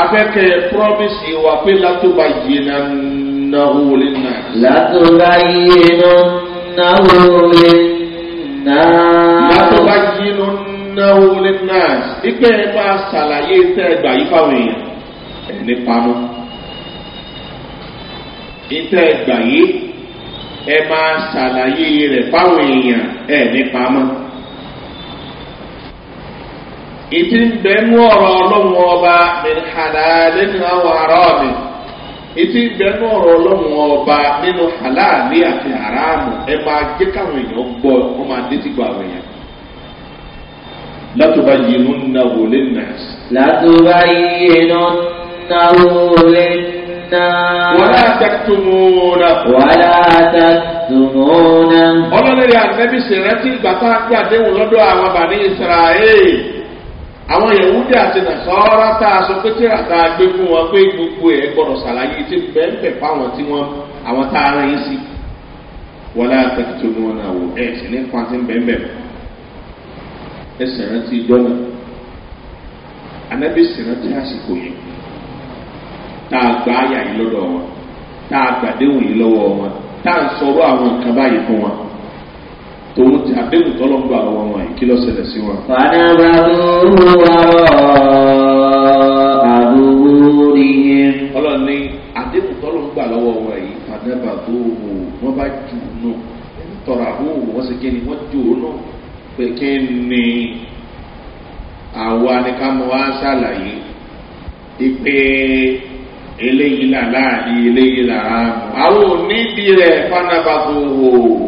afẹ́kẹ́ promise wa pé látúbà iye náà wọlé náà. látúbà iye náà wọlé náà náà. látọ̀ bá yínú náwó lé náà ipe ẹ máa ṣàlàyé tẹ́ ẹ gbà yí fáwọn èèyàn ẹ̀ nípa mọ́. ìtẹ́ ẹ gbà yí ẹ máa ṣàlàyé rẹ̀ fáwọn èèyàn ẹ̀ nípa ìtì ń bẹ́ẹ̀ mú ọ̀rọ̀ ọlọ́run ọba mi hàlàlẹ́ ní àwọn ará mi etí ìbẹ́nu ọ̀rọ̀ ọlọ́run ọba nínú halali àti haramu ẹ máa jẹ́ káwọn èèyàn gbọ́ wọ́n máa dé ti gbọ́ àwọn èèyàn. látọba yìí ló ń na wò lé nàásì. látọba yìí ló ń na lé nàásì. wàlá àtàkùnmọ́nà. wàlá àtàkùnmọ́nà. ọlọ́lẹ́rìí àtẹ́bísẹ̀ rántí ìgbà tá a gbé àdéhùn lọ́dọ̀ àwọn bàbá ní israẹ́lì àwọn yahudi àti nasara tá a sọ pé tíra tá a gbé fún wọn pé gbogbo ẹ gbọdọ ṣàlàyé tí bẹ́ẹ̀ fáwọn tí wọn àwọn tá a rán yín sí wọlé àtẹkùtù ni wọn náà wò ẹ sì ní pàǹtí bẹ́ẹ̀ ẹsẹ̀ rántí dọ́là anábì sì rántí àsìkò yẹn tá a gba àyà yìí lọ́dọ̀ wọn tá a gbàdéhùn yìí lọ́wọ́ wọn tá a sọ̀rọ̀ àwọn nǹkan báyìí fún wọn tòun àdéhùn tọ́lọ́ ń gbà lọ́wọ́ wọn yìí kí ló ṣẹlẹ̀ sí wọn. fàdàbàdù ọ̀rọ̀ àbúrò nìyẹn. ọlọ́run ní àdéhùn tọ́lọ̀ ń gbà lọ́wọ́ wa yìí fàdàbàdù òwò wọ́n bá jù nù tọ̀rọ̀ àbúrò wọ́n sì kí ni wọ́n jù ó nù pé kí ni àwa ni ká mọ ṣàlàyé ìpè eléyìí là láàyè eléyìí là á àwọn ò bí rẹ̀ fàdàbàdù òwò.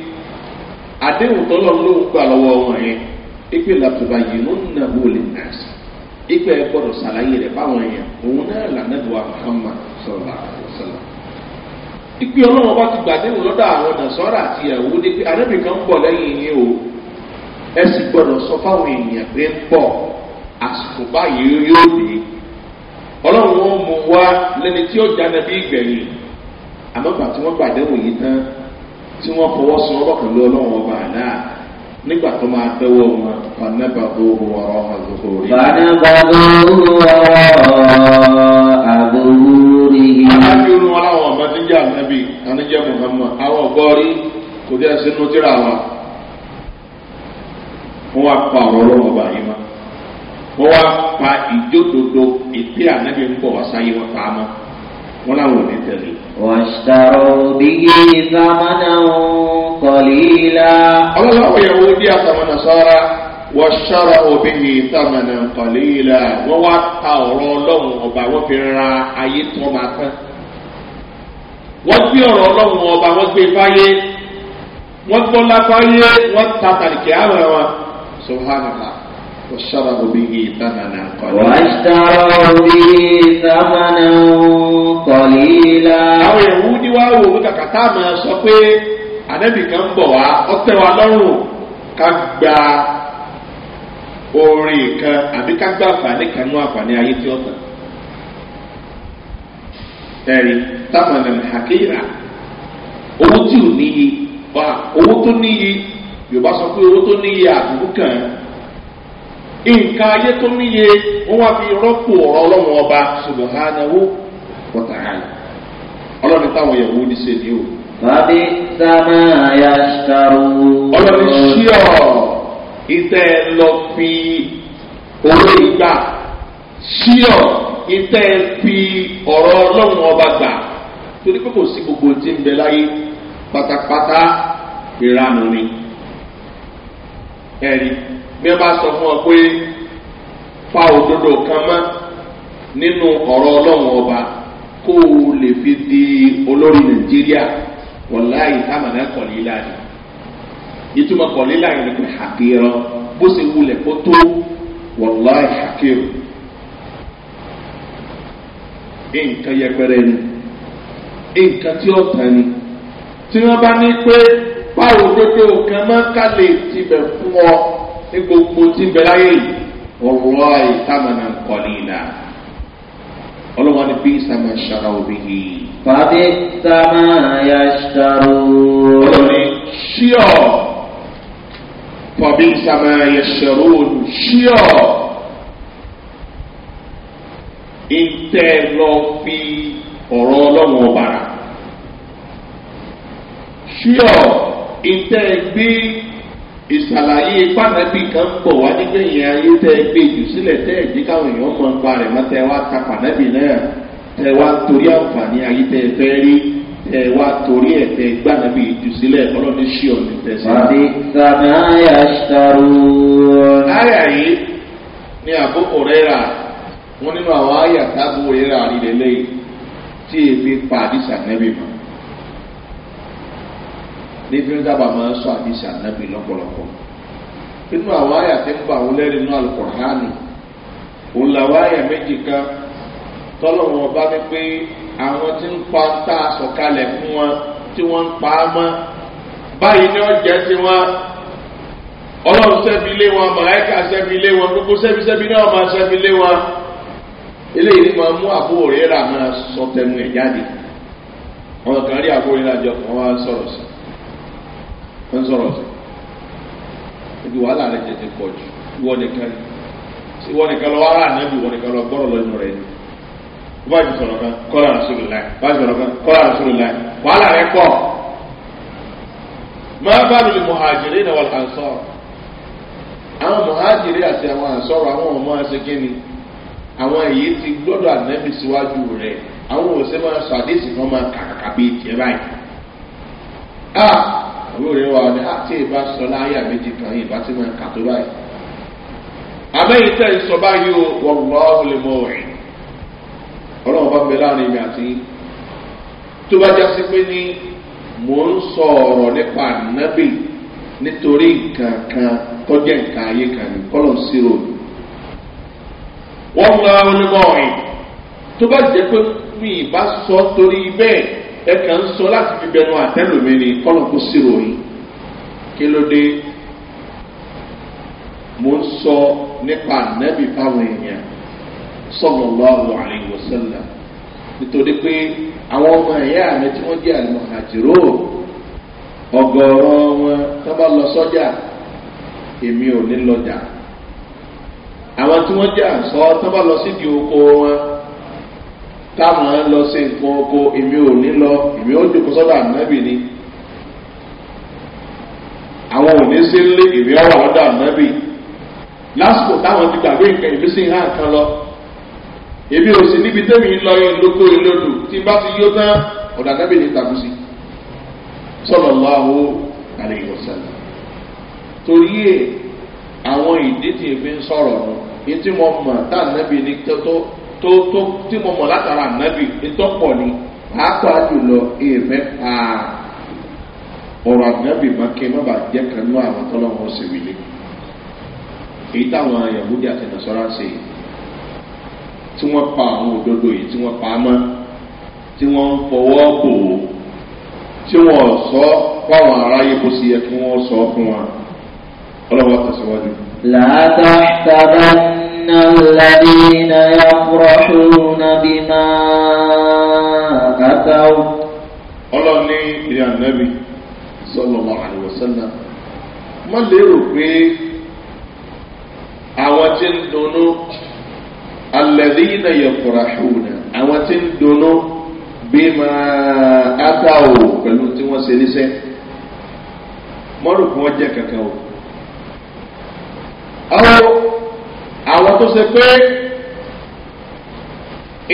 àdéhùn tó lọ́n ló ń gbà lọ́wọ́ wọn yẹn ipe làtúbà yìí ló ń nà wò lè nà sí ipe ẹ gbọdọ̀ sàlàyé rẹ̀ báwọn yẹn òun náà lànàdùn àmàmà sọ̀rọ̀ àkọsọ̀rọ̀. ipe ọlọ́wọ́n bá ti gbàdéhùn lọ́dọ̀ àwọn nàṣọ́rà àti ìyàwó ní pé anábì kan ń bọ̀ lẹ́yìn yín o ẹ sì gbọdọ̀ sọ fáwọn èèyàn pé ń bọ̀ àsìkò báyìí yóò dé ọlọ́run wọn mú wa lẹ́ni tí ó jáde bí ìgbẹ̀yìn àmọ́ gbà tí gbàdéhùn yìí tán tí wọ́n fọwọ́ sọ ọ́ pẹ̀lú ọlọ́run ọba àná nígbà tó máa tẹ́wọ́ wọn fanẹ́bà tó wọ̀rọ̀ àdókò rí. fanẹ́bà tó wọ̀rọ̀ àdókò rí. alábí inú aláwọ̀ ọba ti jẹ́ ànábì àníjẹ́ muhammad àwọn ọgọ́rí kò dé ẹsẹ̀ tíra wa. wọ́n wá pa ọ̀rọ̀ ọlọ́run ọba yìí mọ́. wọ́n wá pa ìjódodo ìpè ànábì ń bọ̀ wá sáyé wọn pa á mọ́. wọ́n láwọn ò ní tẹ̀lé. واشتروا به ثمنا قليلا الله يهودي ثمن نصارى واشتروا به ثمنا قليلا ووا تاورو لون ọba wọn fi ra ayé tó máa tán wọn gbé ọrọ ọlọrun ọba wọn gbé fáyé wọn gbọ́ lápáyé wọn ta tàlìkì àwọn ẹwọn subhanallah واشتروا به ثمنا قليلا واشتروا به ثمنا قليلا àwọn yahudi wa wò ó kàkà tá a máa sọ pé ànábì kan bọ̀ wá ọtẹ wa lọ́rùn ká gba orin kan àbí ká gba àǹfààní kan nú àǹfààní ayé tí ó tàn ẹ̀rí táwọn ẹ̀mí owó tí ò níye owó tó níye yorùbá sọ pé owó tó níye àbùkù kan nǹkan ayé tó níye wọn wá fi rọ́pò ọ̀rọ̀ ọlọ́run ọba subahánáwó wọ́tàhánà ọlọ́run táwọn yẹ̀wò ní ṣe ni o. Fàbí sámá ya ṣàrò. Ọlọ́run ṣí ọ̀ iṣẹ́ lọ fi owó ìgbà ṣí ọ̀ iṣẹ́ fi ọ̀rọ̀ ọlọ́run ọba gbà torí pé kò sí gbogbo tí ń bẹ láyé pátápátá ìranù ni. Ẹ̀rí. bí bá sọ fún ọ pé fa òdodo kan mọ́ nínú ọ̀rọ̀ ọlọ́run ọba kó o lè fi di olórí nàìjíríà wọ̀láyé támàlà kọ̀lílà ni ìtumọ̀ kọ̀lílà yẹn ni pé àkèrọ bó ṣe wulẹ̀ kó tó ni nǹkan tí ó ni tí wọ́n bá ní pé ní gbogbo tí ń bẹ láyé yìí ọ̀rọ̀ ìtàmọ̀nà kọ́ni ìlà ọlọ́wọ́n ni bí sàmà ṣàrà òbí yìí. Fàbí sàmà ya ṣàrò. Olórí ṣíọ̀ fàbí sàmà ya ṣàrò ṣíọ̀ ìtẹ̀ lọ fi ọ̀rọ̀ ọlọ́wọ́n bàrà ṣíọ̀ ìtẹ̀ gbé ìsàlàyé pàtàkì kan pọ̀ wá nígbẹ̀yìn ayé tẹ́ gbé jù sílẹ̀ tẹ́ ẹ jí káwọn èèyàn mọ̀ nípa rẹ̀ mọ́ tẹ́ wá ta pàtàkì náà tẹ́ wá torí àǹfààní ayé tẹ́ fẹ́ rí tẹ́ wá torí ẹ̀ tẹ́ gbà nàbí jù sílẹ̀ ọlọ́ni ṣí ọ̀nì tẹ̀sán. àti sàmáyà ṣàrò. láyà yìí ni àbúkù rẹ̀ rà wọ́n nínú àwọn àyà tábù rẹ̀ rà rí lélẹ́yìn tí èmi pa àdìsàn nẹ́bí níbi ń dábàá máa ń sọ àdìsí ànábì lọ́pọ̀lọpọ̀ nínú àwọn àyà tí ń bá àwọn lẹ́rìí inú alukọ̀hánì òun làwọn àyà méjì kan tọ́lọ́wọ́n bá ní pé àwọn tí ń pa tá a sọ̀kalẹ̀ fún wọn tí wọ́n ń pa á mọ́ báyìí ni wọ́n jẹ́ sí wọn ọlọ́run sẹ́bi lé wọn màláìka sẹ́bi lé wọn gbogbo sẹ́bi sẹ́bi náà máa sẹ́bi lé wọn eléyìí ni máa mú àbúrò rẹ̀ máa sọ tẹnu ẹ̀ jáde wọn kàn rí àbúrò rẹ̀ jọ kàn wá sọ̀rọ̀ sí i. ń sọ̀rọ̀ sí ibi wàhálà rẹ̀ jẹ́ ti pọ̀ jù ìwọ nìkan ni ìwọ nìkan lọ wàhálà nàbì ìwọ nìkan lọ gbọ́dọ̀ lọ́nu rẹ̀ ni bá ti sọ̀rọ̀ kan kọ́lá láì bá ti sọ̀rọ̀ kan kọ́lá láì wàhálà rẹ̀ pọ̀ máa bá lulẹ̀ mọ̀hájìrì àwọn mọ̀hájìrì àti àwọn àǹsọ̀rọ̀ àwọn ọmọ àwọn èyí ti gbọ́dọ̀ ànábì síwájú rẹ̀ àwọn máa sọ kan máa kàkàkà bíi tiẹ̀ báyìí. Ah! àbúrò wa ni àti ah, ìbá sọ láyà méjì kan yìí ìbá ti máa kà tó báyìí. àbẹ́yìn tẹ́ ìsọ báyìí o wọ́n lọ́ọ́ lè mọ òrìn ọlọ́run bá bẹ láàrin mi àti tó bá já sí pé ní mò ń sọ ọ̀rọ̀ nípa nábì nítorí nǹkan kan tọ́jẹ́ nǹkan ayé kan ní kọ́lọ̀ sí o wọ́n lọ́ọ́ lè mọ òrìn tó bá jẹ́ pé mi ìbá sọ torí bẹ́ẹ̀ ẹ kàn ń sọ láti fi bẹnu àtẹnumí ni kọ́nà kó sírò yìí kí ló dé mo ń sọ nípa ànábì fáwọn èèyàn sọ̀rọ̀ lọ́wọ́ àríwọ̀ sẹ́lẹ̀ nítorí pé àwọn ọmọ ẹ̀yà mi tí wọ́n jẹ́ àlùmọ̀hàjìrò ọ̀gọ̀ọ̀rọ̀ wọn tó bá lọ sọ́jà èmi ò ní lọ́jà àwọn tí wọ́n jẹ́ àǹsọ́ tó bá lọ sídìí oko wọn táwọn ń lọ sí nǹkan oko èmi ò ní lọ èmi ó dùkú sọ́dọ̀ ànábì ni àwọn ò ní sí lé èmi ọ̀rọ̀ ọ̀dọ̀ ànábì lásìkò táwọn ti gbàgbé nǹkan èmi sì ń hàn kan lọ èmi ò sì níbi tẹ́mi ń lọ yẹn lóko ìlódò tí bá ti yó tán ọ̀dọ̀ ànábì ni tàbí sí sọ̀rọ̀ lọ́wọ́ àlẹ́ ìwọ̀sẹ̀lẹ̀ torí ẹ̀ àwọn ìdí tí èmi ń sọ̀rọ̀ nù ètí wọn mọ̀ tá ànábì ni tó tó tó tí mo mọ̀ látara ànábì ìtọ́pọ̀ ni pàápàá jùlọ èèmẹ́ pa ọ̀rọ̀ ànábì mákè má bàa jẹ́ kanú àwọn tọ́lọ́wọ́ sì wílé èyí táwọn yahudi àti nasara ṣe tí wọ́n pa àwọn òdodo yìí tí wọ́n pa á mọ́ tí wọ́n ń fọwọ́ bò ó tí wọ́n sọ fáwọn aráyé bó ṣe yẹ kí wọ́n sọ fún wa ọlọ́wọ́ tẹ̀síwájú. làátà sábà. إن الذين يفرحون بما أتوا ọlọ́run ní ìrìn ànábì sọ́lọ́mọ àlùwọ̀sánná má lérò pé àwọn tí ń dunnú alẹ́dínà yẹ̀kọ̀rọ̀ ṣùgbọ́n àwọn tí ń dunnú bí máa átáwò pẹ̀lú tí wọ́n ṣe níṣẹ́ mọ́rùkù wọn jẹ́ kankan o. tó ṣe pé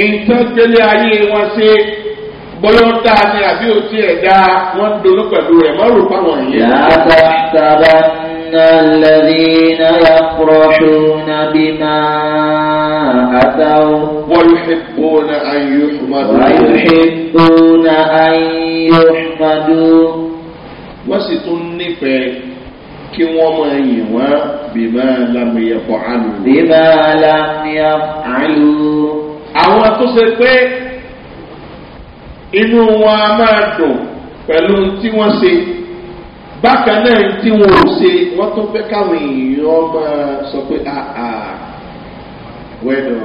ìtọ́jẹ́lé ayé wọn ṣe bọ́yọ́ dáa ni àbí òtí ẹ̀ dáa wọ́n ń pẹ̀lú rẹ̀ mọ́ rò fáwọn yìí. yàtọ̀ sábà nà lẹ́dínà yà kúrọ́ṣù nàbí máa àtàwọn. wọ́n ṣe kó na ayé ṣùmọ́dù. wọ́n ṣe kó na ayé ṣùmọ́dù. wọ́n sì tún nífẹ̀ẹ́ kí wọ́n máa yìn wọ́n bímọ lamiyẹ̀kọ̀ àlù. bímọ lamiyẹ̀kọ̀ àlù. àwọn tó ṣe pé inú wọn a máa dùn pẹ̀lú tí wọ́n ṣe bákan náà tí wọn ò ṣe wọ́n tún fẹ́ káwọn èèyàn máa sọ pé àà ah, ah, wẹ́dọ̀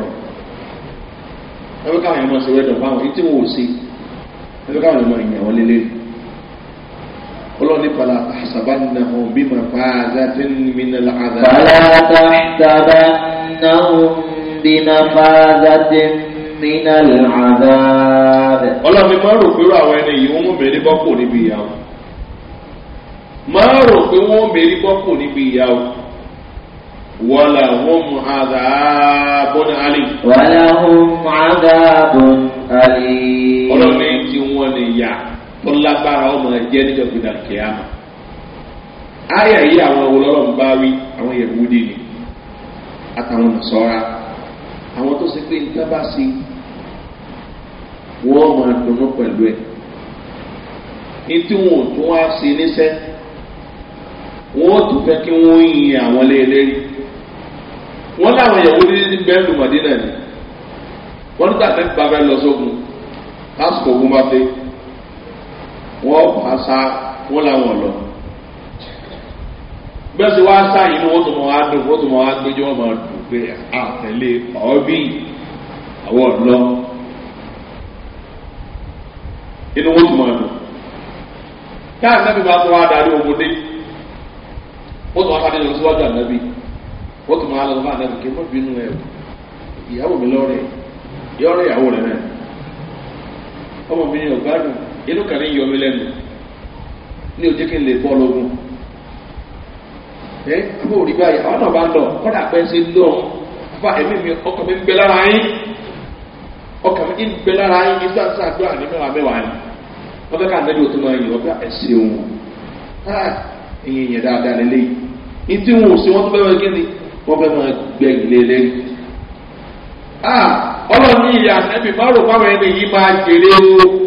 ẹ̀fẹ́ káwọn èèyàn máa ṣe wẹ́dọ̀ fáwọn tí wọn ò ṣe ẹ̀fẹ́ káwọn èèyàn máa yìn àwọn lélẹ́yìn ọlọ́ni fàlà àṣàbánahùn bí mà fàáza tí ń minal àdá. fàlà àṣàbánahùn bí mà fàáza tí ń minal àdá. ọlọ́ni máa rò pé àwọn ẹni yìí wọ́n mẹ́rin bọ́ kò níbi ìyàwó máa rò pé wọ́n mẹ́rin bọ́ kò níbi ìyàwó wọ́lá wọ́n mú àdàbọ̀n àlè. wọ́lá wọ́n mú àdàbọ̀n àlè. ọlọ́ni tí wọ́n lè yà tó lágbára ọmọ ẹ̀jẹ̀ níjọ́ gbìdà kìámà ayà yìí àwọn olóró ń bá wí àwọn yẹ̀wúdì ni àtàwọn nàṣọ́ra àwọn tó ṣe pé nǹkan bá sí wọ́n máa dunnú pẹ̀lú ẹ̀ ní tí wọn ò tún wá sí níṣẹ́ wọ́n tún fẹ́ kí wọ́n yin àwọn léèlérí wọ́n láwọn yẹ̀wúdì ní bẹ́ẹ̀lù mọ̀dínà ni wọ́n nígbà tẹ́ bàbá lọ sógun lásìkò ogun bá dé wọ́n pa sa wọ́n làwọn lọ. bẹ́ẹ̀ sì wá sá yìí ni wọ́n tó mọ̀ wá dùn wọ́n tó mọ̀ wá gbẹ́jọ́ wọn máa dùn pé àtẹ̀lé ọ̀ọ́bí àwọn ọ̀dọ́ inú wọn tó máa dùn. táà nẹ́bí máa tó wá darí ogun dé wọ́n tó wá sáré lọ síwájú ànábì wọ́n tó máa lọ sọ́mọ́ ànábì kí wọ́n bínú ẹ̀ ìyàwó mi lọ́rẹ̀ yọ̀ọ́rẹ̀ ìyàwó rẹ̀ náà ọmọ mi ni ọ̀gá dùn inú kan ní yọ mí lẹ́nu ní ojú kí n lè bọ́ lógún ẹ kúrò rí báyìí àwọn náà bá lọ kọ́dà pé ṣe lọ fa ẹ̀mí mi ọkàn mi ń bẹ lára yín ọkàn mi ń bẹ lára yín ní sáńsá àdúrà ní mẹ́wàá mẹ́wàá ni wọ́n fẹ́ ká ànájọ́ tó máa yìn wọ́n fẹ́ ẹ̀sìn òun ẹ̀yìn ìyẹn dáadáa lélẹ́yìn ní tí wọn ò sí wọ́n tó fẹ́ kí ni wọ́n fẹ́ máa gbẹ̀gbẹ̀ lẹ́yìn ah, ọlọ́run ní ìyá àtẹ́bí má rò fáwọn ẹni yìí máa jèrè o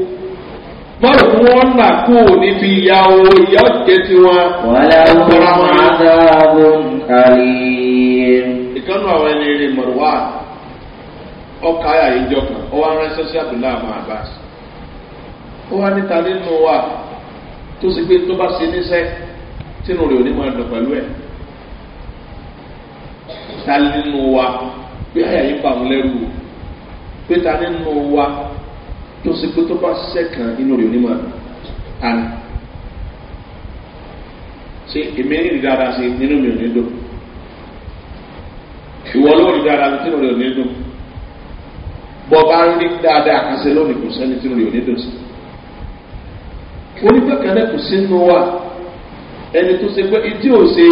bọ́ọ̀lù kí wọ́n là kó níbi ìyá o ìyá òjijì tiwọn. wàhálà ọ̀rọ̀ máa dáàbò nkàlí. ìkànnì àwọn ẹni rè mọ̀rọ̀wá ọkà àyíjọ kan ó wá ránṣẹ́ sí àbúlá àmọ́ abbas. ó wá níta nínú wa tó sì gbé tó bá ṣe níṣẹ́ sínú rẹ̀ ò ní máa dùn pẹ̀lú ẹ̀. ta nínú wa bí àyà yìí bà ń lẹ́rù o pé ta nínú wa tó ṣe pé tó bá ṣiṣẹ́ kan inú rẹ̀ onímọ̀ àná ṣe èmi rí dáadáa ṣe nínú mi ò ní dùn ìwọ ló rí dáadáa ṣe nínú rẹ̀ ò ní dùn bọ́ bá rí dáadáa kan ṣe lónìí kò sẹ́ni tí rẹ̀ ò ní dùn sí. onígbàkànnẹ́ kò sínú wa ẹni tó ṣe pé ìdí ò ṣe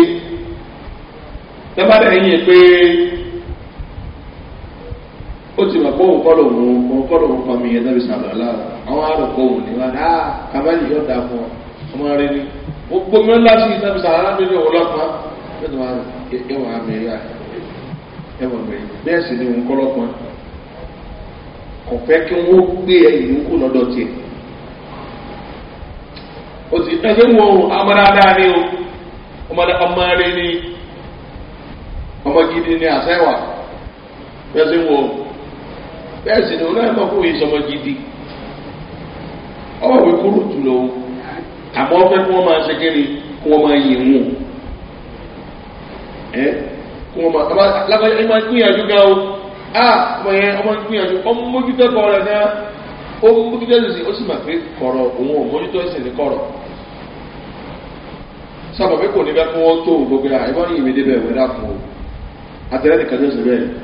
tẹ́bàdà yín pé kóhùn kọ́lọ̀ òun òun kọ́lọ̀ òun pọ̀ mi yẹn lọ́bi sàlọ́lá àwọn àrò kóhùn ní wọn á kábàlì yóò dà fún ọ ọmọ rẹ ni ó gbómi ó láti lọ́bi sàlọ́lá mi ní òun lọ́pàá yóò tó wá ẹwà mẹ́rin ẹwà mẹ́rin bẹ́ẹ̀ sì ni òun kọ́lọ́pàá kò fẹ́ kí wọ́n gbé ẹ̀yìn kú lọ́dọ̀ tiẹ̀ o ti ẹgbẹ́ wọn o amadáadáa ni o ọmọdé ọmọ rẹ ni ọmọ gidi ni àṣẹwà bẹ́ẹ̀ sì wọ́n o. bẹ́ẹ̀ sì ni òun náà mọ̀ kó yẹ sọmọ gidi ọwọ́ ìwé kúrò tù lòun àmọ́ fẹ́ kí wọ́n máa ṣe kí ni kí wọ́n máa yìn wù ẹ́ kí wọ́n máa lágbàjá ẹ máa gbìyànjú gan o ah ọmọ yẹn ọmọ gbìyànjú ọmọ mójútó kọ rẹ gan ó mójútó ẹsẹ̀ ó sì mà pé òun ò mójútó ní sábà pé kò ní bẹ́ẹ̀ o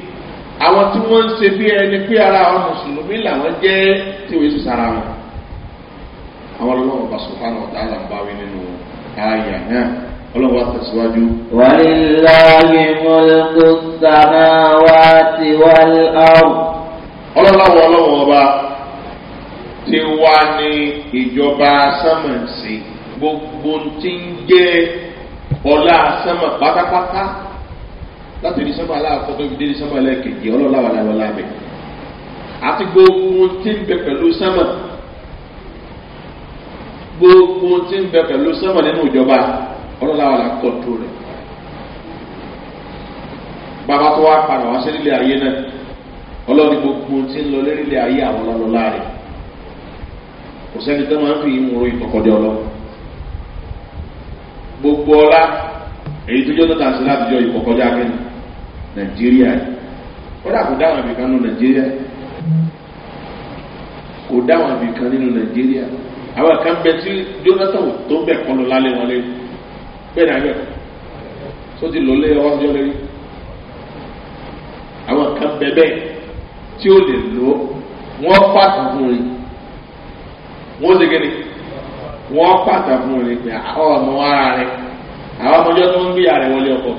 àwọn tí wọ́n ń ṣe bí ẹni pé ara àwọn mùsùlùmí làwọn jẹ́ tí wọ́n èso sára wọn àwọn ọlọ́wọ́ bá sọ fáwọn ọ̀tá àlà ń bá wí nínú ààyè náà ọlọ́wọ́ wa tẹ̀síwájú. wàlíláyé mọ́lẹ́kù sàmà wá ti wá láwù. ọlọ́láwọ̀ ọlọ́wọ́ ọba ti wá ní ìjọba sámẹ̀sì gbogbo ti ń jẹ́ ọlá sámẹ̀ pátápátá láti ní sábà aláàfọ́ tó fi dé ní sábà lẹ́ẹ̀kejì ọlọ́láwà lálọ́ lábẹ́ àti gbogbo tí ń bẹ pẹ̀lú sábà gbogbo tí ń bẹ pẹ̀lú sábà nínú ìjọba ọlọ́láwà là ń kọ́ńtró rẹ̀ bàbá tó wá padà wá sí nílé ayé náà ọlọ́ọ̀ni gbogbo tí ń lọ lérílé ayé àwọn ọlọ́lọ́lá rẹ̀ kò sẹ́ni tó máa ń fi ìmúro ìkọ̀kọ̀dé ọlọ́ gbogbo ọlá èyí tó jọ́tọ̀ tàṣí láti jọ ìkọ̀kọ́já kẹ́ni nàìjíríà kódà kò dáwọn ibìkan nínú nàìjíríà kò dáwọn ibìkan nínú nàìjíríà àwọn kan bẹ tí jonathan tó bẹ kọlu lálẹ́ wọn lé bẹ́ẹ̀ ni abẹ́ tó ti lò lé ọjọ́ lé àwọn kan bẹ bẹ́ẹ̀ tí ó lè lò wọ́n pàtàkì fún mi wọ́n ṣe kéde wọ́n pàtàkì fún mi pé àwọn ọmọ ara rẹ̀ àwọn ọmọdé tó ń gbéyà rẹ̀ wọlé ọkọ̀.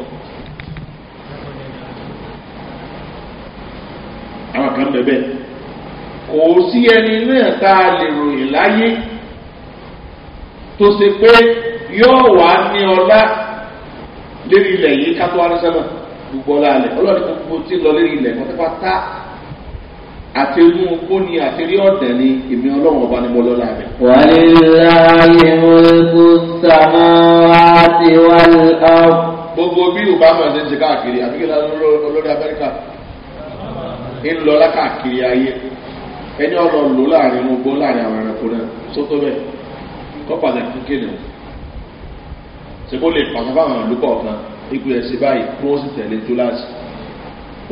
àwọn kan bẹ̀bẹ̀ kò sí ẹni náà tá a lè ròyìn láyé tó ṣe pé yóò wá ní ọlá lérí ilẹ̀ yìí ká tó wá ní sẹ́wọ̀n gbogbo ọlá alẹ̀ ọlọ́ọ̀ni gbogbo tí ń lọ lérí ilẹ̀ pátápátá àtẹ̀rù okó ni àtẹ̀rí ọ̀tẹ̀ ni èmi ọlọ́run ọba ni mo lọ́la rẹ̀. wàlíláyé olùkú sàmà àti wàlíà. gbogbo bí obama ṣe ń ṣe káàkiri àbíkẹ́lá olórí amẹ́ríkà ń lọ lákàkiri ayé ẹni ọ̀rọ̀ lò láàrin ogbó láàrin àwọn ẹranko náà sótó bẹ́ẹ̀ kọ́pàdé kékeré o ṣe kó lè pàṣẹ fáwọn ìlú kọ̀ọ̀kan ìpìlẹ̀ sí báyìí kí wọ́n sì tẹ̀lé túláàsì.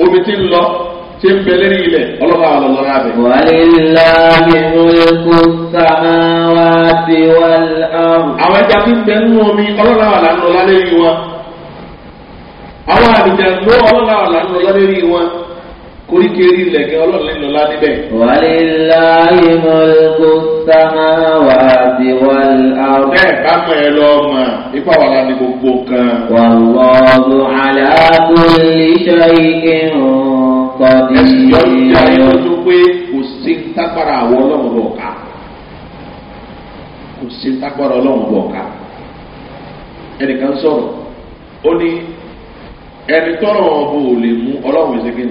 omi ti ń lọ ti ń bẹ lérí ilẹ̀ ọlọ́ba àwọn ọlọ́ra bẹ̀. wàlélá mímúlẹ́kù sàmáwá ti wà láàrùn. àwọn ẹja ti ń bẹ nínú omi ọlọ́ra wà lánàá lálẹ́ rí wọn. àwọn àbìjà ló ọlọ́ra wà lánàá lálẹ́ rí wọn koríkèrí lẹ̀gẹ́ ọlọ́run lè lọ́la níbẹ̀. wàlílá ìmọ̀lẹ́kọ sámá wà sí wàlá. bẹ́ẹ̀ bá mọ̀ ẹ lọ mọ̀ ipa wàlá ni gbogbo kan. wàlọ́ọ̀lù àlàkù iṣẹ́ ike tọ́dí. ẹ̀sìn yọ ní ayé lọ́jọ́ pé kò sí tágbára àwọ̀ ọlọ́run bọ̀ ká kò sí tágbára ọlọ́run bọ̀ ká ẹnìkan sọ̀rọ̀ ó ní ẹni tọ́rọ̀ ọ̀bù ò lè mú ọlọ́run ìṣègbè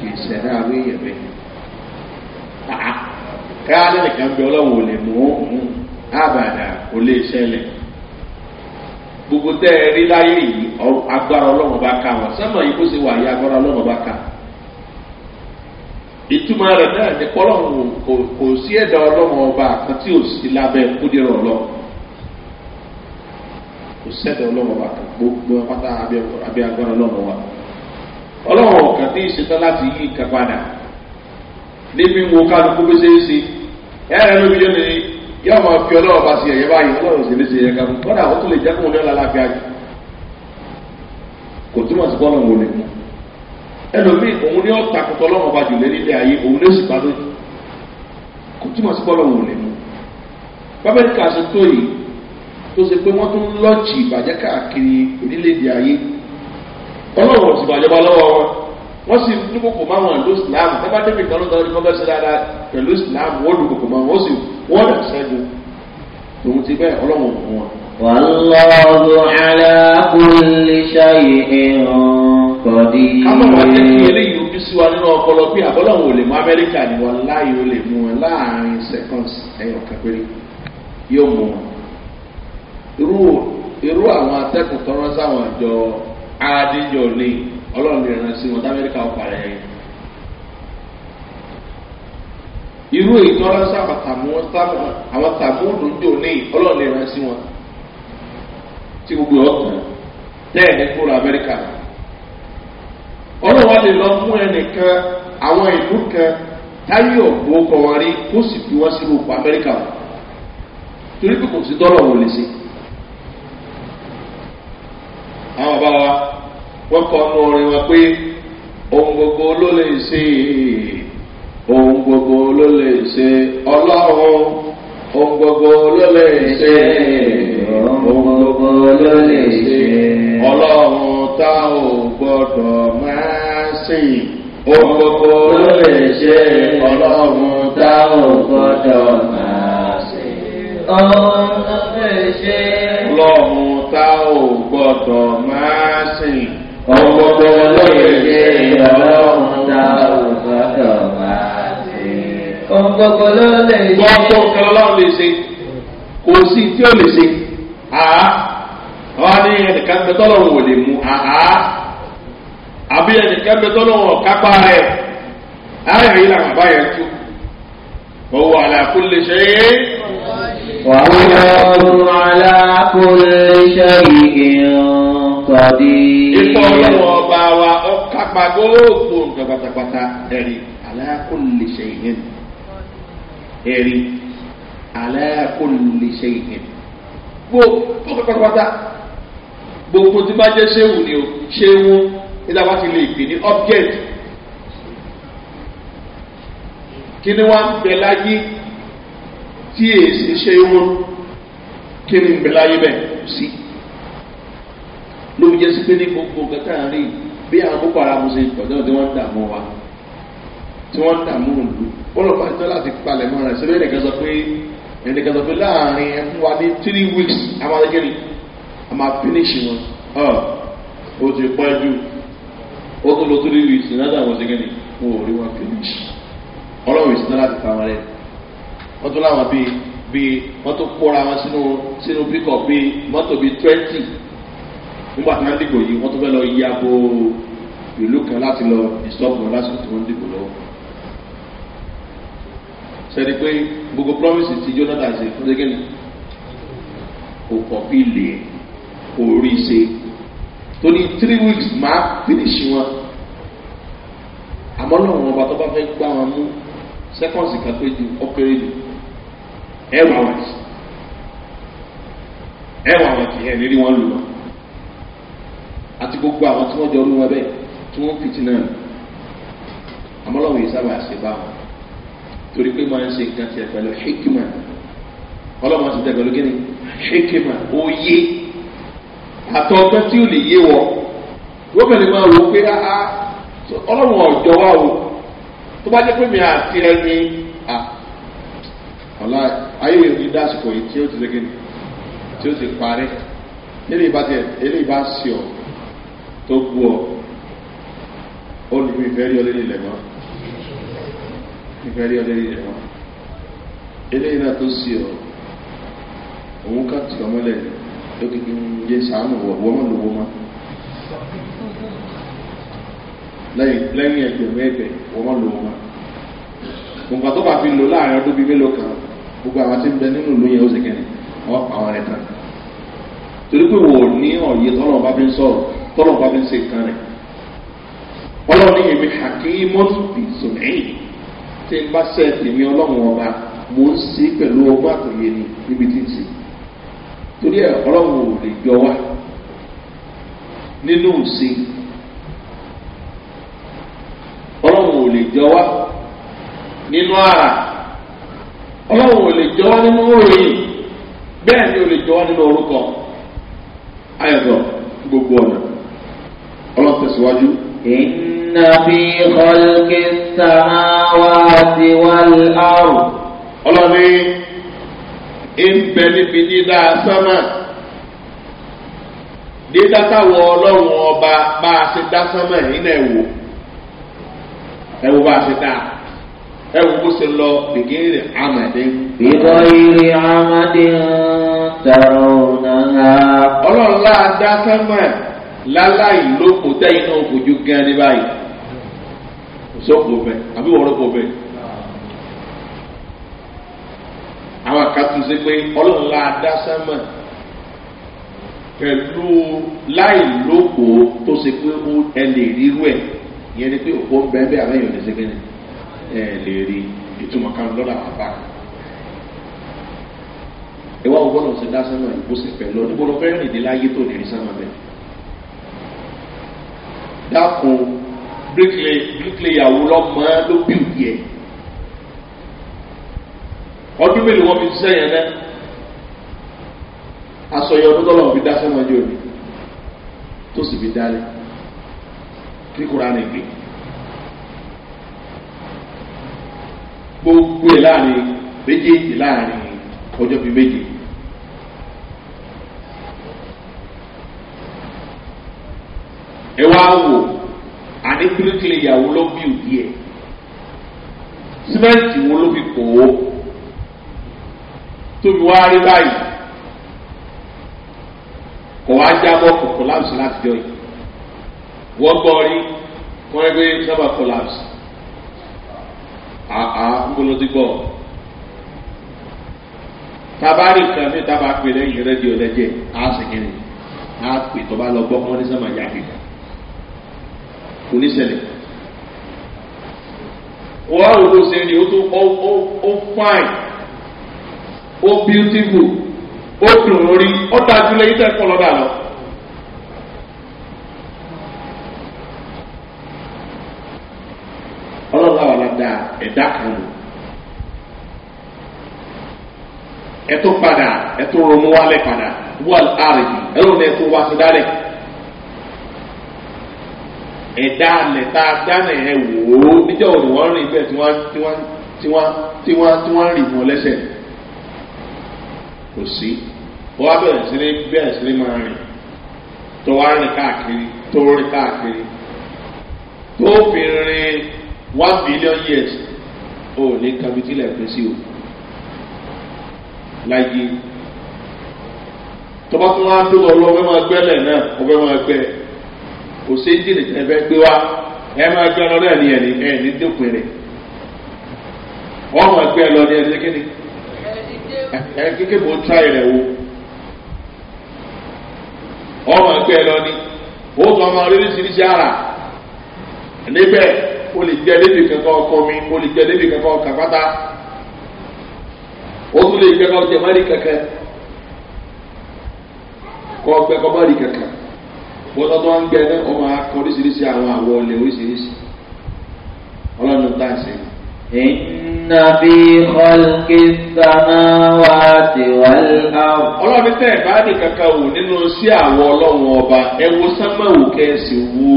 kìí ṣẹ̀dá a èèyàn bẹ́ẹ̀. káyọ̀ nìkan bí ọlọ́run lè mú òun àbàdà kò lè ṣẹlẹ̀ gbogbo tẹ́ ẹ rí láyé yìí agbára bá ká wọn sẹ́mọ̀ yìí kó ṣe wà yí agbára ọlọ́run bá ká ìtumọ̀ rẹ̀ náà ní kọ́lọ́run kò sí ẹ̀dá ọba kan tí ò sí lábẹ́ kúdìrọ̀ ọlọ́run kò sẹ́dá ọlọ́run ọ̀kan tí ìṣetán láti yí nǹkan padà níbi wo kálukú bí ṣeé ṣe ẹ̀rẹ́ ló fi yé ni yóò máa fi ọlọ́run bá ṣe ẹ̀yẹ báyìí ọlọ́run sì lè ṣe ẹ̀yẹ kankan kọ́dà ó tún lè jẹ́ kóun lọ́la láfíà jù kò túmọ̀ sí kọ́nà wò lè mú ẹlòmíì òun ni ó takùtọ̀ ọlọ́run ọba jù lé nílé ayé òun ló sì padà kò túmọ̀ sí kọ́nà wò lè mú bábẹ́ẹ̀ká yìí tó ṣe pé wọ́n tún lọ́ọ̀tì ìbàjẹ́ káàkiri orílẹ̀-èdè ayé ọlọ́run ọ̀sìn bàjẹ́ bá lọ́wọ́ wọn wọ́n sì ní kòkò máa wọn ló islam ẹ bá débi kan ló sọ ọdún dáadáa pẹ̀lú islam wọ́n lu kòkò máa wọn sì wọ́n lọ sẹ́gun lòun ti bẹ́ẹ̀ ọlọ́run fún wọn. wàlọ́ọ̀dù alákùnléṣayé ẹ̀hán kọ́dí. kámọ̀ wá jẹ́ kí eléyìí ojú sí wa nínú ọpọlọ pé àbọ́lọ́hún ò lè mú amẹ́ríkà ni wọn láàyè ó lè mú wọn láàrin seconds ẹ̀yọ̀ kẹpẹ́rẹ́ adéjọ ní ọlọ́run ìrìnà sí wọn támẹ́ríkà ọ̀pá rẹ̀ yẹn. irú èyí tí wọ́n sábà tàmú àwọn tàmú òdòdó ní ọlọ́run ìrìnà sí wọn tí gbogbo ọkàn bẹ́ẹ̀ ní kúrò amẹ́ríkà. ọlọ́run wa lè lọ fún ẹnìkan àwọn ìlú kan táyé ọ̀gbọ́n kọ̀wárí kó sì fi wọ́n sínú ọkọ̀ amẹ́ríkà wọn torí pé kò sí dọ́là òun lè ṣe. wọ́n kọ́ ọ́nù orin wọn pé ohun gbogbo ló lè ṣe ohun gbogbo ló lè ṣe ọlọ́run ohun gbogbo ló lè ṣe ohun gbogbo ló lè ṣe ọlọ́run tá ò gbọ́dọ̀ máa ṣe ohun gbogbo ló lè ṣe ọlọ́run tá ò gbọ́dọ̀ máa ṣe ọlọ́run tá ò gbọ́dọ̀ máa ṣe ọgbọgbọ lóye ṣe ọlọ́run tá ò gbọ́dọ̀ wá sí. ọgbọgbọ ló lè ṣe. gbọ́dọ̀ kan ọlọ́run lè ṣe kò sí tí ó lè ṣe àá àwọn ní ẹnìkan bẹ tọ́lọ́run ò lè mú àá àbí ẹnìkan bẹ tọ́lọ́run ọ̀kápá rẹ̀ láyà yìí làwọn bá yẹn tú. وهو على كل شيء وهو على كل شيء قدير pọ̀ lọ́wọ́ ọba wa ọ̀kápá gbogbo nǹkan pátápátá ẹ̀rí aláàkóńlé ṣe ìhìn ẹ̀rí aláàkóńlé ṣe ìhìn gbogbo pátápátá gbogbo tí bá jẹ́ ṣéwù ni o ṣéwù ìdá wa ti lè pè ní object kí ni wọ́n ń bẹ láyé tí èsì ṣéwù kí ni ń bẹ láyé bẹ́ẹ̀ sí ló jẹ́ sí pé ní gbogbo nǹkan tá à ń rí bí àwọn boko haram ṣe pọ̀jọ́ tí wọ́n ń dààmú wa tí wọ́n ń dààmú òlu ọlọ́pàá ti tọ́ láti palẹ̀ mọ́ rẹ̀ síbẹ̀ ẹnìkan sọ pé ẹnìkan sọ pé láàrin ẹkún wa ní three weeks a máa gẹ́rì a máa finish wọn ọ o ti pọ́ ju o tó lo three weeks nígbà àwọn ṣe gẹ́rì wọn ò rí wọn finish ọlọ́run ìṣẹ́ láti pa wọn rẹ̀ wọ́n tún láwọn bíi bíi wọ́n tún kóra wọn sínú sínú píkọ̀ bíi mọ́tò bíi twenty nígbà tí wọ́n dìbò yìí wọ́n tún fẹ́ lọ yí abo ìlú kan láti lọ ìsọ́ọ̀bù lásìkò tí wọ́n dìbò lọ́wọ́. sẹ́ni pé gbogbo promise ti jonathan ṣe fún ṣẹ́gẹ́ni kò kọ́ bí lè kò rí ṣe tó ní three weeks máa finish wọn àmọ́ náà wọn bá tó bá fẹ́ gbá wọn mú seconds kan pé ju ọkẹ́rẹ́ jù ẹ̀wà wọn ẹ̀wà wọn ti ẹ̀ nírí wọn lù wọn àti gbogbo àwọn tí wọ́n jọ rú wọn bẹ́ẹ̀ tí wọ́n fìtì náà àmọ́lọ́wọ́ yìí sábà ṣe bá wọn torí pé máa ń ṣe nǹkan tiẹ̀ pẹ̀lú hikima ọlọ́mọ ti tẹ̀ pẹ̀lú kíni hikima òye àtọ̀ọ̀tọ̀ tí ò lè yé wọ wọ́n bẹ̀rẹ̀ máa wò ó pé áá ọlọ́mọ ọ̀jọ́ wa o tó bá jẹ́ pé mi àti ẹni à ah, ọ̀la ayé mi ní dásìkò yìí tí ó ti ṣe kíni tí ó ti parí eléyìí bá tiẹ̀ eléyìí bá ṣe tó gún ọ ó ní bí ìfẹ́ rí ọdẹ nílẹ̀ mọ́ ìfẹ́ rí ọdẹ nílẹ̀ mọ́ eléyìí náà tó sí ọ òun ká tì ọmọlẹ̀ ló kékeré ń yé sàánù wọ́n mọ̀ lówó mọ́ lẹ́yìn ẹgbẹ̀rún ẹgbẹ̀ wọ́n mọ̀ lówó mọ́ nǹkan tó bá fi lò láàrin ọdún bíi mélòó kan gbogbo àwọn tí ń bẹ nínú ìlú yẹn ó sì kẹ́ni àwọn rẹ̀ tán torí pé wò ní ọ̀yẹ́ tọ́lọ̀ bá fi ń sọ̀rọ̀ tọ́lọ̀ bá fi ń ṣe nǹkan rẹ̀ ọlọ́run ní èmi hakimus bi sùnmí tí n bá sẹ́ èmi ọlọ́run ọba mò ń sí pẹ̀lú ọgbọ́n àtòyè ni níbi tí n sì torí ẹ̀ ọlọ́run ò lè jọ wá nínú sí ọlọ́run ò lè jọ wá nínú ara ọlọ́run ò lè jọ wá nínú òòyìn bẹ́ẹ̀ ni ò lè jọ wá nínú orúkọ ayọ̀dọ̀ gbogbo ọ̀nà ọlọ́run tẹ̀síwájú. iná fi kọ́lùkì sàmáwá ti wá láàrú. ọlọ́ni ìbẹ̀ níbi dídá sánmà dídá táwọn ọlọ́run ọba bá a ṣe dá sánmà yìí náà wò ẹ wò bá a ṣe dá a ẹwù bó ṣe lọ bìgìrì amadé. ìbọn ìrì amadé ń tẹ̀rù náà. ọlọ́run láà dá sẹ́mọ̀ ẹ̀ láláì lóko tẹ́yìn náà fojú gan ní báyìí sọ́kò bẹ́ẹ̀ àbí wọ́n rọ́kò bẹ́ẹ̀. àwọn àkàtún sí pé ọlọ́run la dá sánmà pẹ̀lú láì lóko tó ṣe pé ẹ lè rírú ẹ̀ ìyẹn ni pé òkú ń bẹ́ẹ̀ bẹ́ẹ̀ àbẹ́yẹ̀ lè ṣe kẹ́ni ẹ lè rí ìtumọ̀ kan lọ́dọ̀ àwọn bá kan ìwà ògbọ́nà ọ̀sẹ̀ dá sánmà ìkó pẹ̀lú ọdún gbọ́dọ̀ fẹ́ràn ìdílé ayé tó nìrí sánmà bẹ́ẹ̀ dákun bíríkìlẹ̀yàwó lọ́mọ ló bí òbí ẹ̀ ọdún mélòó wọn fi ṣiṣẹ́ yẹn náà asọyọ ọdún tọ́lọ̀ fi dá sẹ́wọ̀n jẹ́ òní tó sì fi dálé kíkúra ní gbé gbogbo ẹ̀ láàrin méjèèjì láàrin ọjọ́ bíi méjèèjì. ẹ wá wò àní píríkìlì ìyàwó ló bí òbí ẹ símẹ́ǹtì wo ló fi kò ó tóbi wá rí báyìí kò wá jábọ̀ kò collapse láti jọ yìí wọ́n gbọ́ rí wọ́n rí pé sábà collapse àá ń bolo ti gbọ́ tabari kan ní taba pè lẹ́yìn rédíò lẹ́jẹ̀ á sì kiri á pè tó lọ gbọ́ kọ́ ní sábà yá kiri kò ní sẹlẹ̀ wọ́n á wò ṣe ni ó tó ó fine ó beautiful ó dùn orí ó dájú lẹ́yìn tẹ́ kọ́ lọ́dà lọ. ọlọ́run àwọn ọ̀dà ẹ̀dá kan lò ẹ̀tún padà ẹ̀tún romú wálẹ̀ padà wọ́n àrègbè ẹ̀rọ ní ẹ̀tún wá sí dálẹ̀ ẹ̀dá alẹ̀ tá a dáná ẹ̀ wò ó níjọ́ òní wọ́n rìn bẹ́ẹ̀ tí wọ́n tí wọ́n tí wọ́n tí wọ́n tí wọ́n rìn wọn lẹ́sẹ̀ kò sí wọ́n á bẹ̀rẹ̀ sí ní bẹ̀rẹ̀ sí ní máa rìn tó wá rìn káàkiri tó rìn káàkiri tó fi rin one billion years ó ní kabitilẹ̀ pín sí o láyé tó bá tún wá dúró ọlọ́wọ́ fẹ́ máa gbẹ́lẹ̀ náà ọ̀fẹ́ máa gbẹ́lẹ̀. kò sí ẹ́ńjìnì ebe fẹ́ gbé wa ẹ máa gbé ọ náà ní ẹ̀ní dẹ́kun rẹ̀ wọ́n máa gbé ẹ lọ ẹni kíni ẹ kéke n'i o wo wọ́n ara níbẹ̀ o lè jẹ́ débi kankan ọkọ mi o lè jẹ́ débi kankan o tún lè jẹ́ kankan ọjọ́ kankan kọ́ ọgbẹ́ kọ́ kankan. bọ́tọ́ tó ń gbẹ náà ọmọ akọ oríṣiríṣi àwọn àwọ̀ ọ̀lẹ̀ oríṣiríṣi ọlọ́run tá à sí. ìnàbí ọ̀lùkì samáwáàtì wàlá. ọlọ́run tẹ̀ bá ní kankan wò nínú sí àwọ̀ ọlọ́run ọba ẹ wo sánmọ̀wò kẹ́sì wo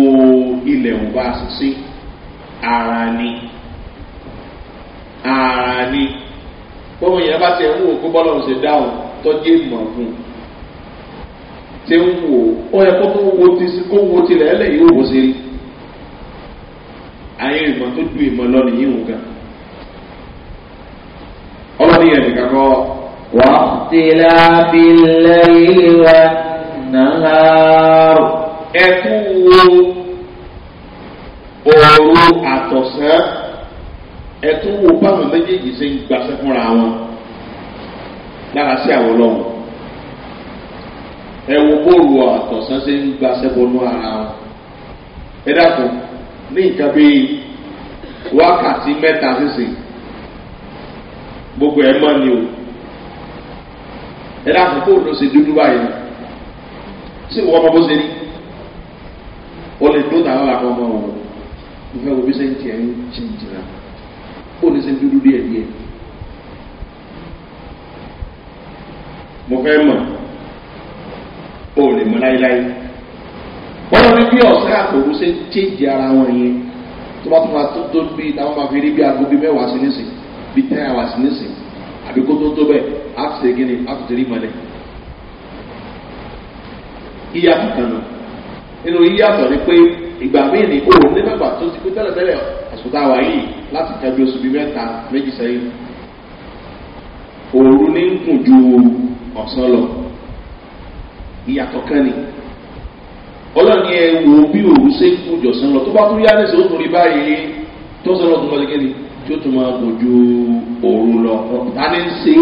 ilẹ̀ wò bá sí ara ni ara ni bọ́mọ yẹn bá ti ẹ̀ ń wò kó bọ́lọ́run ṣe dáhùn tọ́jú ìmọ̀ fún un ti ń wò ó yẹ kó tó wo ti kó wo tilẹ̀ ẹlẹ́yìí ó wò sí i ayé ìmọ̀ tó ju ìmọ̀ lọ nìyí wò gan ọlọ́ni yẹn nìkan kọ́. wà á tilá bí lẹ́yìn wa náà ẹ̀kú wo òru àtọ̀sán ẹ̀kú wo báwọn méjèèjì ṣe ń gbàṣẹ́ fúnra wọn lára sí àwọn ọlọ́run ẹ wo bóòlù àtọ̀sán ṣe ń gba sẹ́bọnú ara wọn ẹ dàpọ̀ ní nǹkan bíi wákàtí mẹ́ta sísè gbogbo ẹ̀ mọ́ ni o ẹ dàpọ̀ bóòlù ṣe dúdú báyìí sí ìwọ ọmọ bó ṣe rí o lè tó tàwọn àwọn ọmọ wọn ìfẹ́ wo bí ṣe ń tiẹ̀ ń ṣe jìnnà ó ní ṣe ń dúdú díẹ̀ díẹ̀ mo fẹ́ mọ̀ o lè mọ láéláé wọ́n lọ ní bí ọ̀sán àtòwú ṣe ń chéjì ara wọn yẹn tó bá tún wá tó tó bí táwọn máa fi rí bí aago bí mẹ́wàá sí nísìn bí ten hours nísìn àbí kó tó tó bẹ́ẹ̀ á ti ṣe gíní á ti rí mọ́lẹ̀ yíyàtọ̀ kan nù nínú yíyàtọ̀ ni pé ìgbà míì ni o ní bàbà tó ti pé tẹ́lẹ̀tẹ́lẹ̀ àsùnta wà yìí láti tẹ́jú oṣù bíi mẹ́ta méjì sẹ́yìn òru ní ń ju ọ̀sán lọ ìyàtọ̀ kan ni ọlọ́ni ẹ wo bí òun ṣe kú jọ̀sán lọ tó bá tún yá lẹ́sẹ̀ ó tún rí báyìí tó sọ lọ́dún lọ́dún kẹ́ni tí ó tún máa bójú òru lọ ta ni ṣe.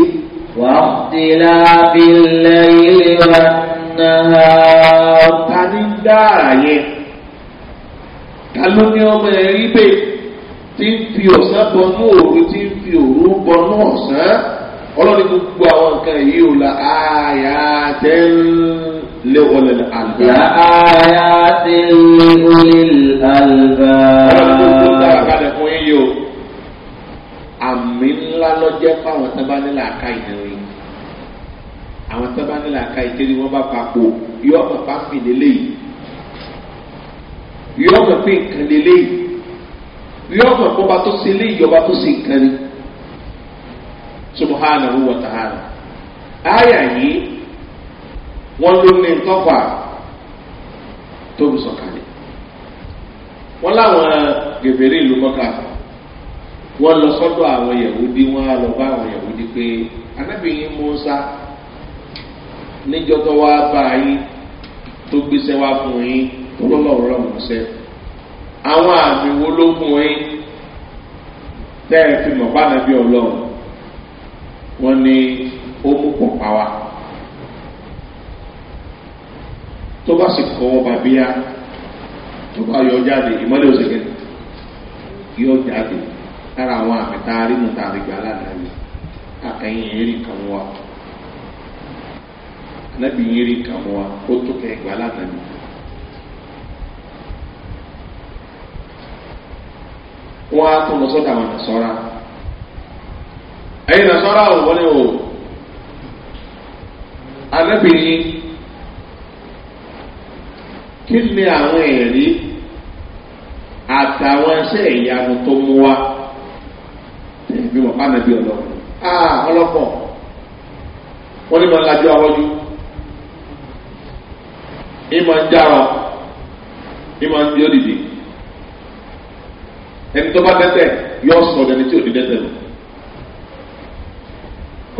wàhálà bílẹ̀ ilé wa náà. ta ni dá ààyè ta ló ní ọmọ ẹ rí bẹ́ẹ̀ tí ń fi ọ̀sán bọnú òru tí ń fi òru bọnú ọ̀sán ọlọ́ni gbogbo àwọn nǹkan yìí ò la àyà tẹ́ ń lé wọlé ní àlùbá. la àyà tẹ́ ń lé wọlé ní àlùbá. ọlọ́ni gbogbo dára kalẹ̀ fún yín yìí o àmì ńlá lọ́jẹ́ fáwọn sábà nílà àká ìdánwìn àwọn sábà àká ìdánwìn wọ́n bá papò yọ ọmọ pàmì lélẹ́yìí yọ ọmọ pé nǹkan lélẹ́yìí yọ ọmọ pọ́ba tó ṣe léyìí ọba tó ṣe nǹkan ni. subhanahu wa ta'ala aya yìí wọ́n ló ní ntọ́fà tó ń sọ̀kalẹ̀ wọ́n láwọn gèbèrè ìlú mọ́ta wọ́n lọ sọ́dọ̀ àwọn yahudi wọ́n á lọ bá àwọn yahudi pé anábìyín musa níjọ́ wa wá bá yín tó gbéṣẹ́ fún yín tó àwọn àmì wo ló fún yín tẹ́ ẹ fi mọ̀ bá nàbí ọlọ́run. wọ́n ní ó mú pọ̀ pa tó bá sì kọ́ ọba bíyá tó bá yọ jáde ìmọ́lẹ̀ òṣèlú yóò jáde a rí mu a yìí àtẹ̀yìn yìí rí wá anabi yìí rí wá ó tó yìí. wọ́n á ẹ̀yin nasara o wọ́n ní o anábìrin kí ni àwọn ẹ̀rí àtàwọn ẹsẹ̀ ìyanu tó mú wa wọn ah ọlọ́pọ̀ wọ́n ní máa ń lajú awọ́jú ìmọ̀ ń jára ìmọ̀ ń di òdìdí ẹni tó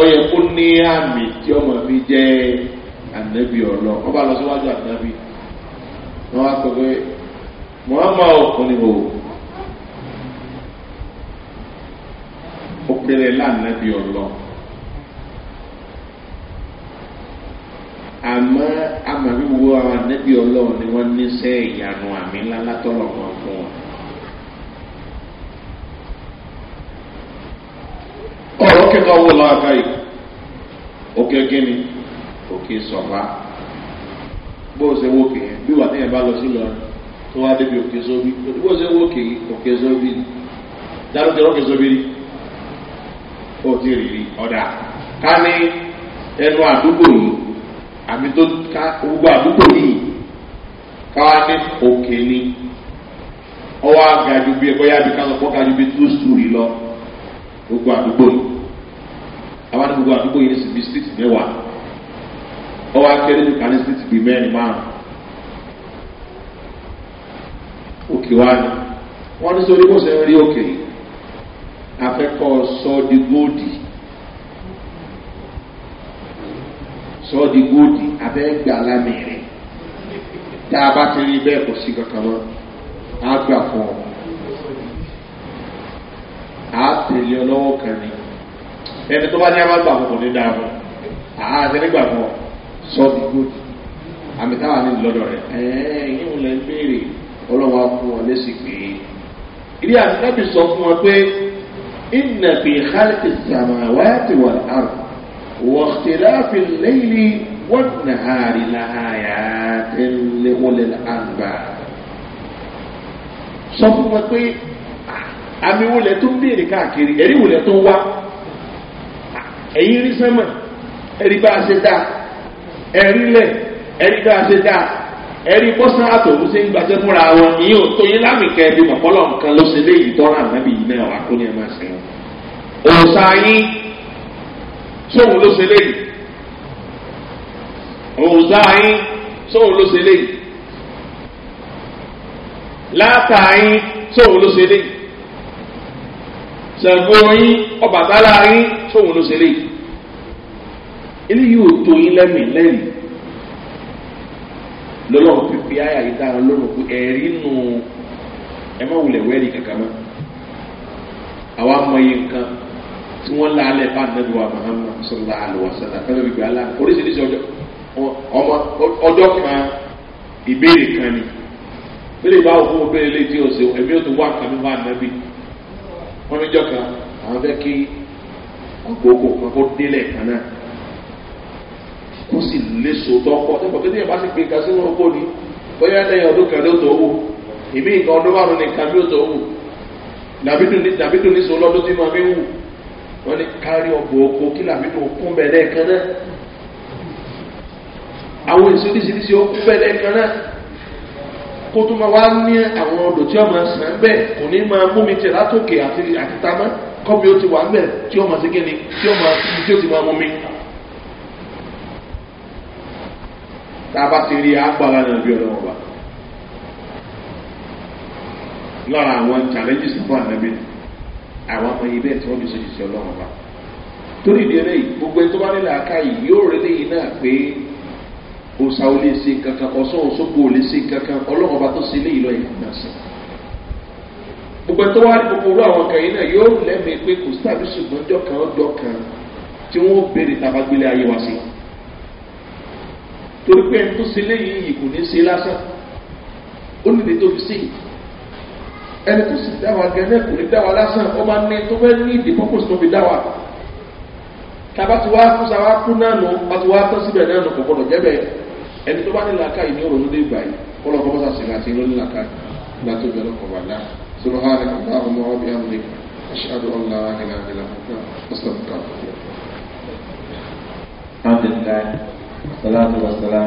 ọyẹ kó ní àmì tí ọmọ mi jẹ ànábì ọlọ ọba lọ síwájú ànábì wọn wá pẹ pé muhammad ọkùnrin o obìnrin lànàbì ọlọ àmọ́ àmàlí ànábì ọlọ ni wọ́n ní sẹ́ ìyanu àmì ńlá látọ̀lọ̀ wọn fún wọn. tó wò láàká yìí òkè gíní òkè sọ̀fà bó o ṣe wò kè yẹn bí wà téèyàn bá lọ sí lọrùn tó wá débi òkè sóbi bó o ṣe wò kè yìí òkè sóbi dárúkẹ òkè sóbi rí ó ti rí rí ọ̀dà ká ní ẹnu àdúgbò yìí àmì tó ká gbogbo àdúgbò yìí ká wá ní òkè ni ọwọ́ àgàjù bíi ẹ̀kọ́ yá bí ká lọ pọ́ ká ju bíi two story lọ gbogbo àdúgbò yìí àwọn àdúgbò àdúgbò yìí ní sinmi street mẹ́wàá ọwọ́ akéré ní kàní street bíi mẹ́rin márùn òkè wá ni wọ́n ní sórí bó ṣe ń rí òkè afẹ́kọ̀ sọ di góòdì sọ di góòdì abẹ́ gbà tá a bá ti rí bẹ́ẹ̀ kò sí kankan mọ́ á gbà fún ọ á tẹ̀lé ọ lọ́wọ́ kan ni ẹni tó bá ní abá gbàgbọ́ kò ní dáa fún àá àtẹ́lẹ́ gbàgbọ́ sọ́ọ̀dì gòdì àmì táwọn ní lọ́dọ̀ rẹ̀ ẹ̀ẹ́ yíwọ̀n lẹ́ ń béèrè ọlọ́wọ́ fún ọ lẹ́sì pé ilé àtẹ́lẹ́bì sọ fún wọn pé ìnà fi xalki sàmáwáàtì wà lárùn wọ́ọ̀tìláfi lẹ́yìn wọ́n nàárì láhàyà tẹ́lẹ̀ wọlé àgbà sọ fún wọn pé ah, àmì wọlé tó ń béèrè káàkiri ẹ̀rí wọlé tó ń wá ẹ̀yin rí sánmà ẹ̀rí bá a ṣe dáa ẹ̀rí lẹ̀ ẹ̀rí bá a ṣe dáa ẹ̀rí bọ́sán àtòwú ṣe ń gbàjẹ́ fúnra wọn ìyẹn ò tó yín lámì kẹ́ẹ̀dì mọ̀kọ́lọ̀ nǹkan ló ṣe léyìí tọ́ra ànábì yìí náà wà kó ní ẹ máa ṣe wọn. òòṣà yín sóhun ló ṣe léyìí òòṣà yín sóhun ló ṣe léyìí látà yín sóhun ló ṣe léyìí ṣàgbọ́n yín ọbàtálá yín sóhun ló ṣe lé eléyìí ò tó yín lẹ́mìí lẹ́yìn lọ́lọ́run pípi àyà yìí dára lọ́rùn pé ẹ̀rí nù ẹ má wulẹ̀ wẹ́ẹ̀rì kankan mọ́ àwa mọ iye nǹkan tí wọ́n la alẹ́ bá nàbí wa mahama sọlá àlùwàsánà fẹ́ẹ́ bí gbàlá oríṣiríṣi ọjọ́ ọmọ ọjọ́ kan ìbéèrè kan ni bẹ́ẹ̀ bá òkú bẹ́ẹ̀ lé tí o ṣe ẹ̀mí ò tó wá kan ní wa nàbí wọ́n níjọ́ kan àwọn fẹ́ kí gbogbo kan kó délẹ̀ kan náà kó sì léso tọ́pọ̀ tọ́pọ̀ tó déyìn bá sì pé nǹkan sínú oko ni bóyá lẹ́yìn ọdún kan ló tó wù ìmí nǹkan ọdún márùn-ún nìkan ló tó wù dàbídùn ní sọ lọ́dún tí màá fi wù wọ́n ní kárí ọgbọ̀ oko kí làbídùn okún bẹ̀rẹ̀ kan náà àwọn èso díṣiríṣi okún bẹ̀rẹ̀ kan náà kó tó máa wá ní àwọn odò tí ọmọ sàn bẹ́ẹ̀ kò ní máa mú mi tẹ̀ látòkè àti àtìtámọ́ kọ́bi ó ti wà bẹ́ẹ̀ tí ọmọ sí kíni tí ọmọ tí ó ti máa mú mi. tá a bá ti rí agbára náà bí ọlọ́wọ́ bá lọ́ra àwọn challenges fún ànábì àwọn ọmọ yìí bẹ́ẹ̀ tí wọ́n fi ṣe ṣiṣẹ́ ọlọ́wọ́ bá torí ìdí eléyìí gbogbo ẹni tó bá nílẹ̀ aká yìí yóò rí léyìí náà pé òòsà ò lè ṣe nǹkan kan ọ̀sán òṣogbo ò lè ṣe nǹkan kan ọlọ́run ọba tó ṣe lé ìlọ ìgbà sí. gbogbo ẹ̀ tó wá rí gbogbo orú àwọn kan yìí náà yóò lẹ́mìí pé kò sí tàbí ṣùgbọ́n ọjọ́ kan ọjọ́ kan tí wọ́n béèrè tabagbélé ayé wa sí. torí pé ẹni tó ṣe léyìn yìí kò ní ṣe lásán ó nílé tó fi sí ẹni tó sì dá gẹ́gẹ́ kò ní dá lásán ó ní tó fẹ́ ní ìdí pọ́pọ́sì tó fi dá wa tàbá ti wá kú sáwá kú náà nù bá ẹni tó bá ní làákà yìí ní òrònú dé ìgbà yìí kọlọ kọ bọ́sà sìnà àti ìrònú làákà ìgbà tó bẹ̀rẹ̀ kọ̀ wà náà sọlọ ha rẹ̀ kọ̀ọ̀dá ọmọ ọbẹ̀ àmì aṣáájú ọ̀la ìlà ìlà ọ̀sán kàkọ́.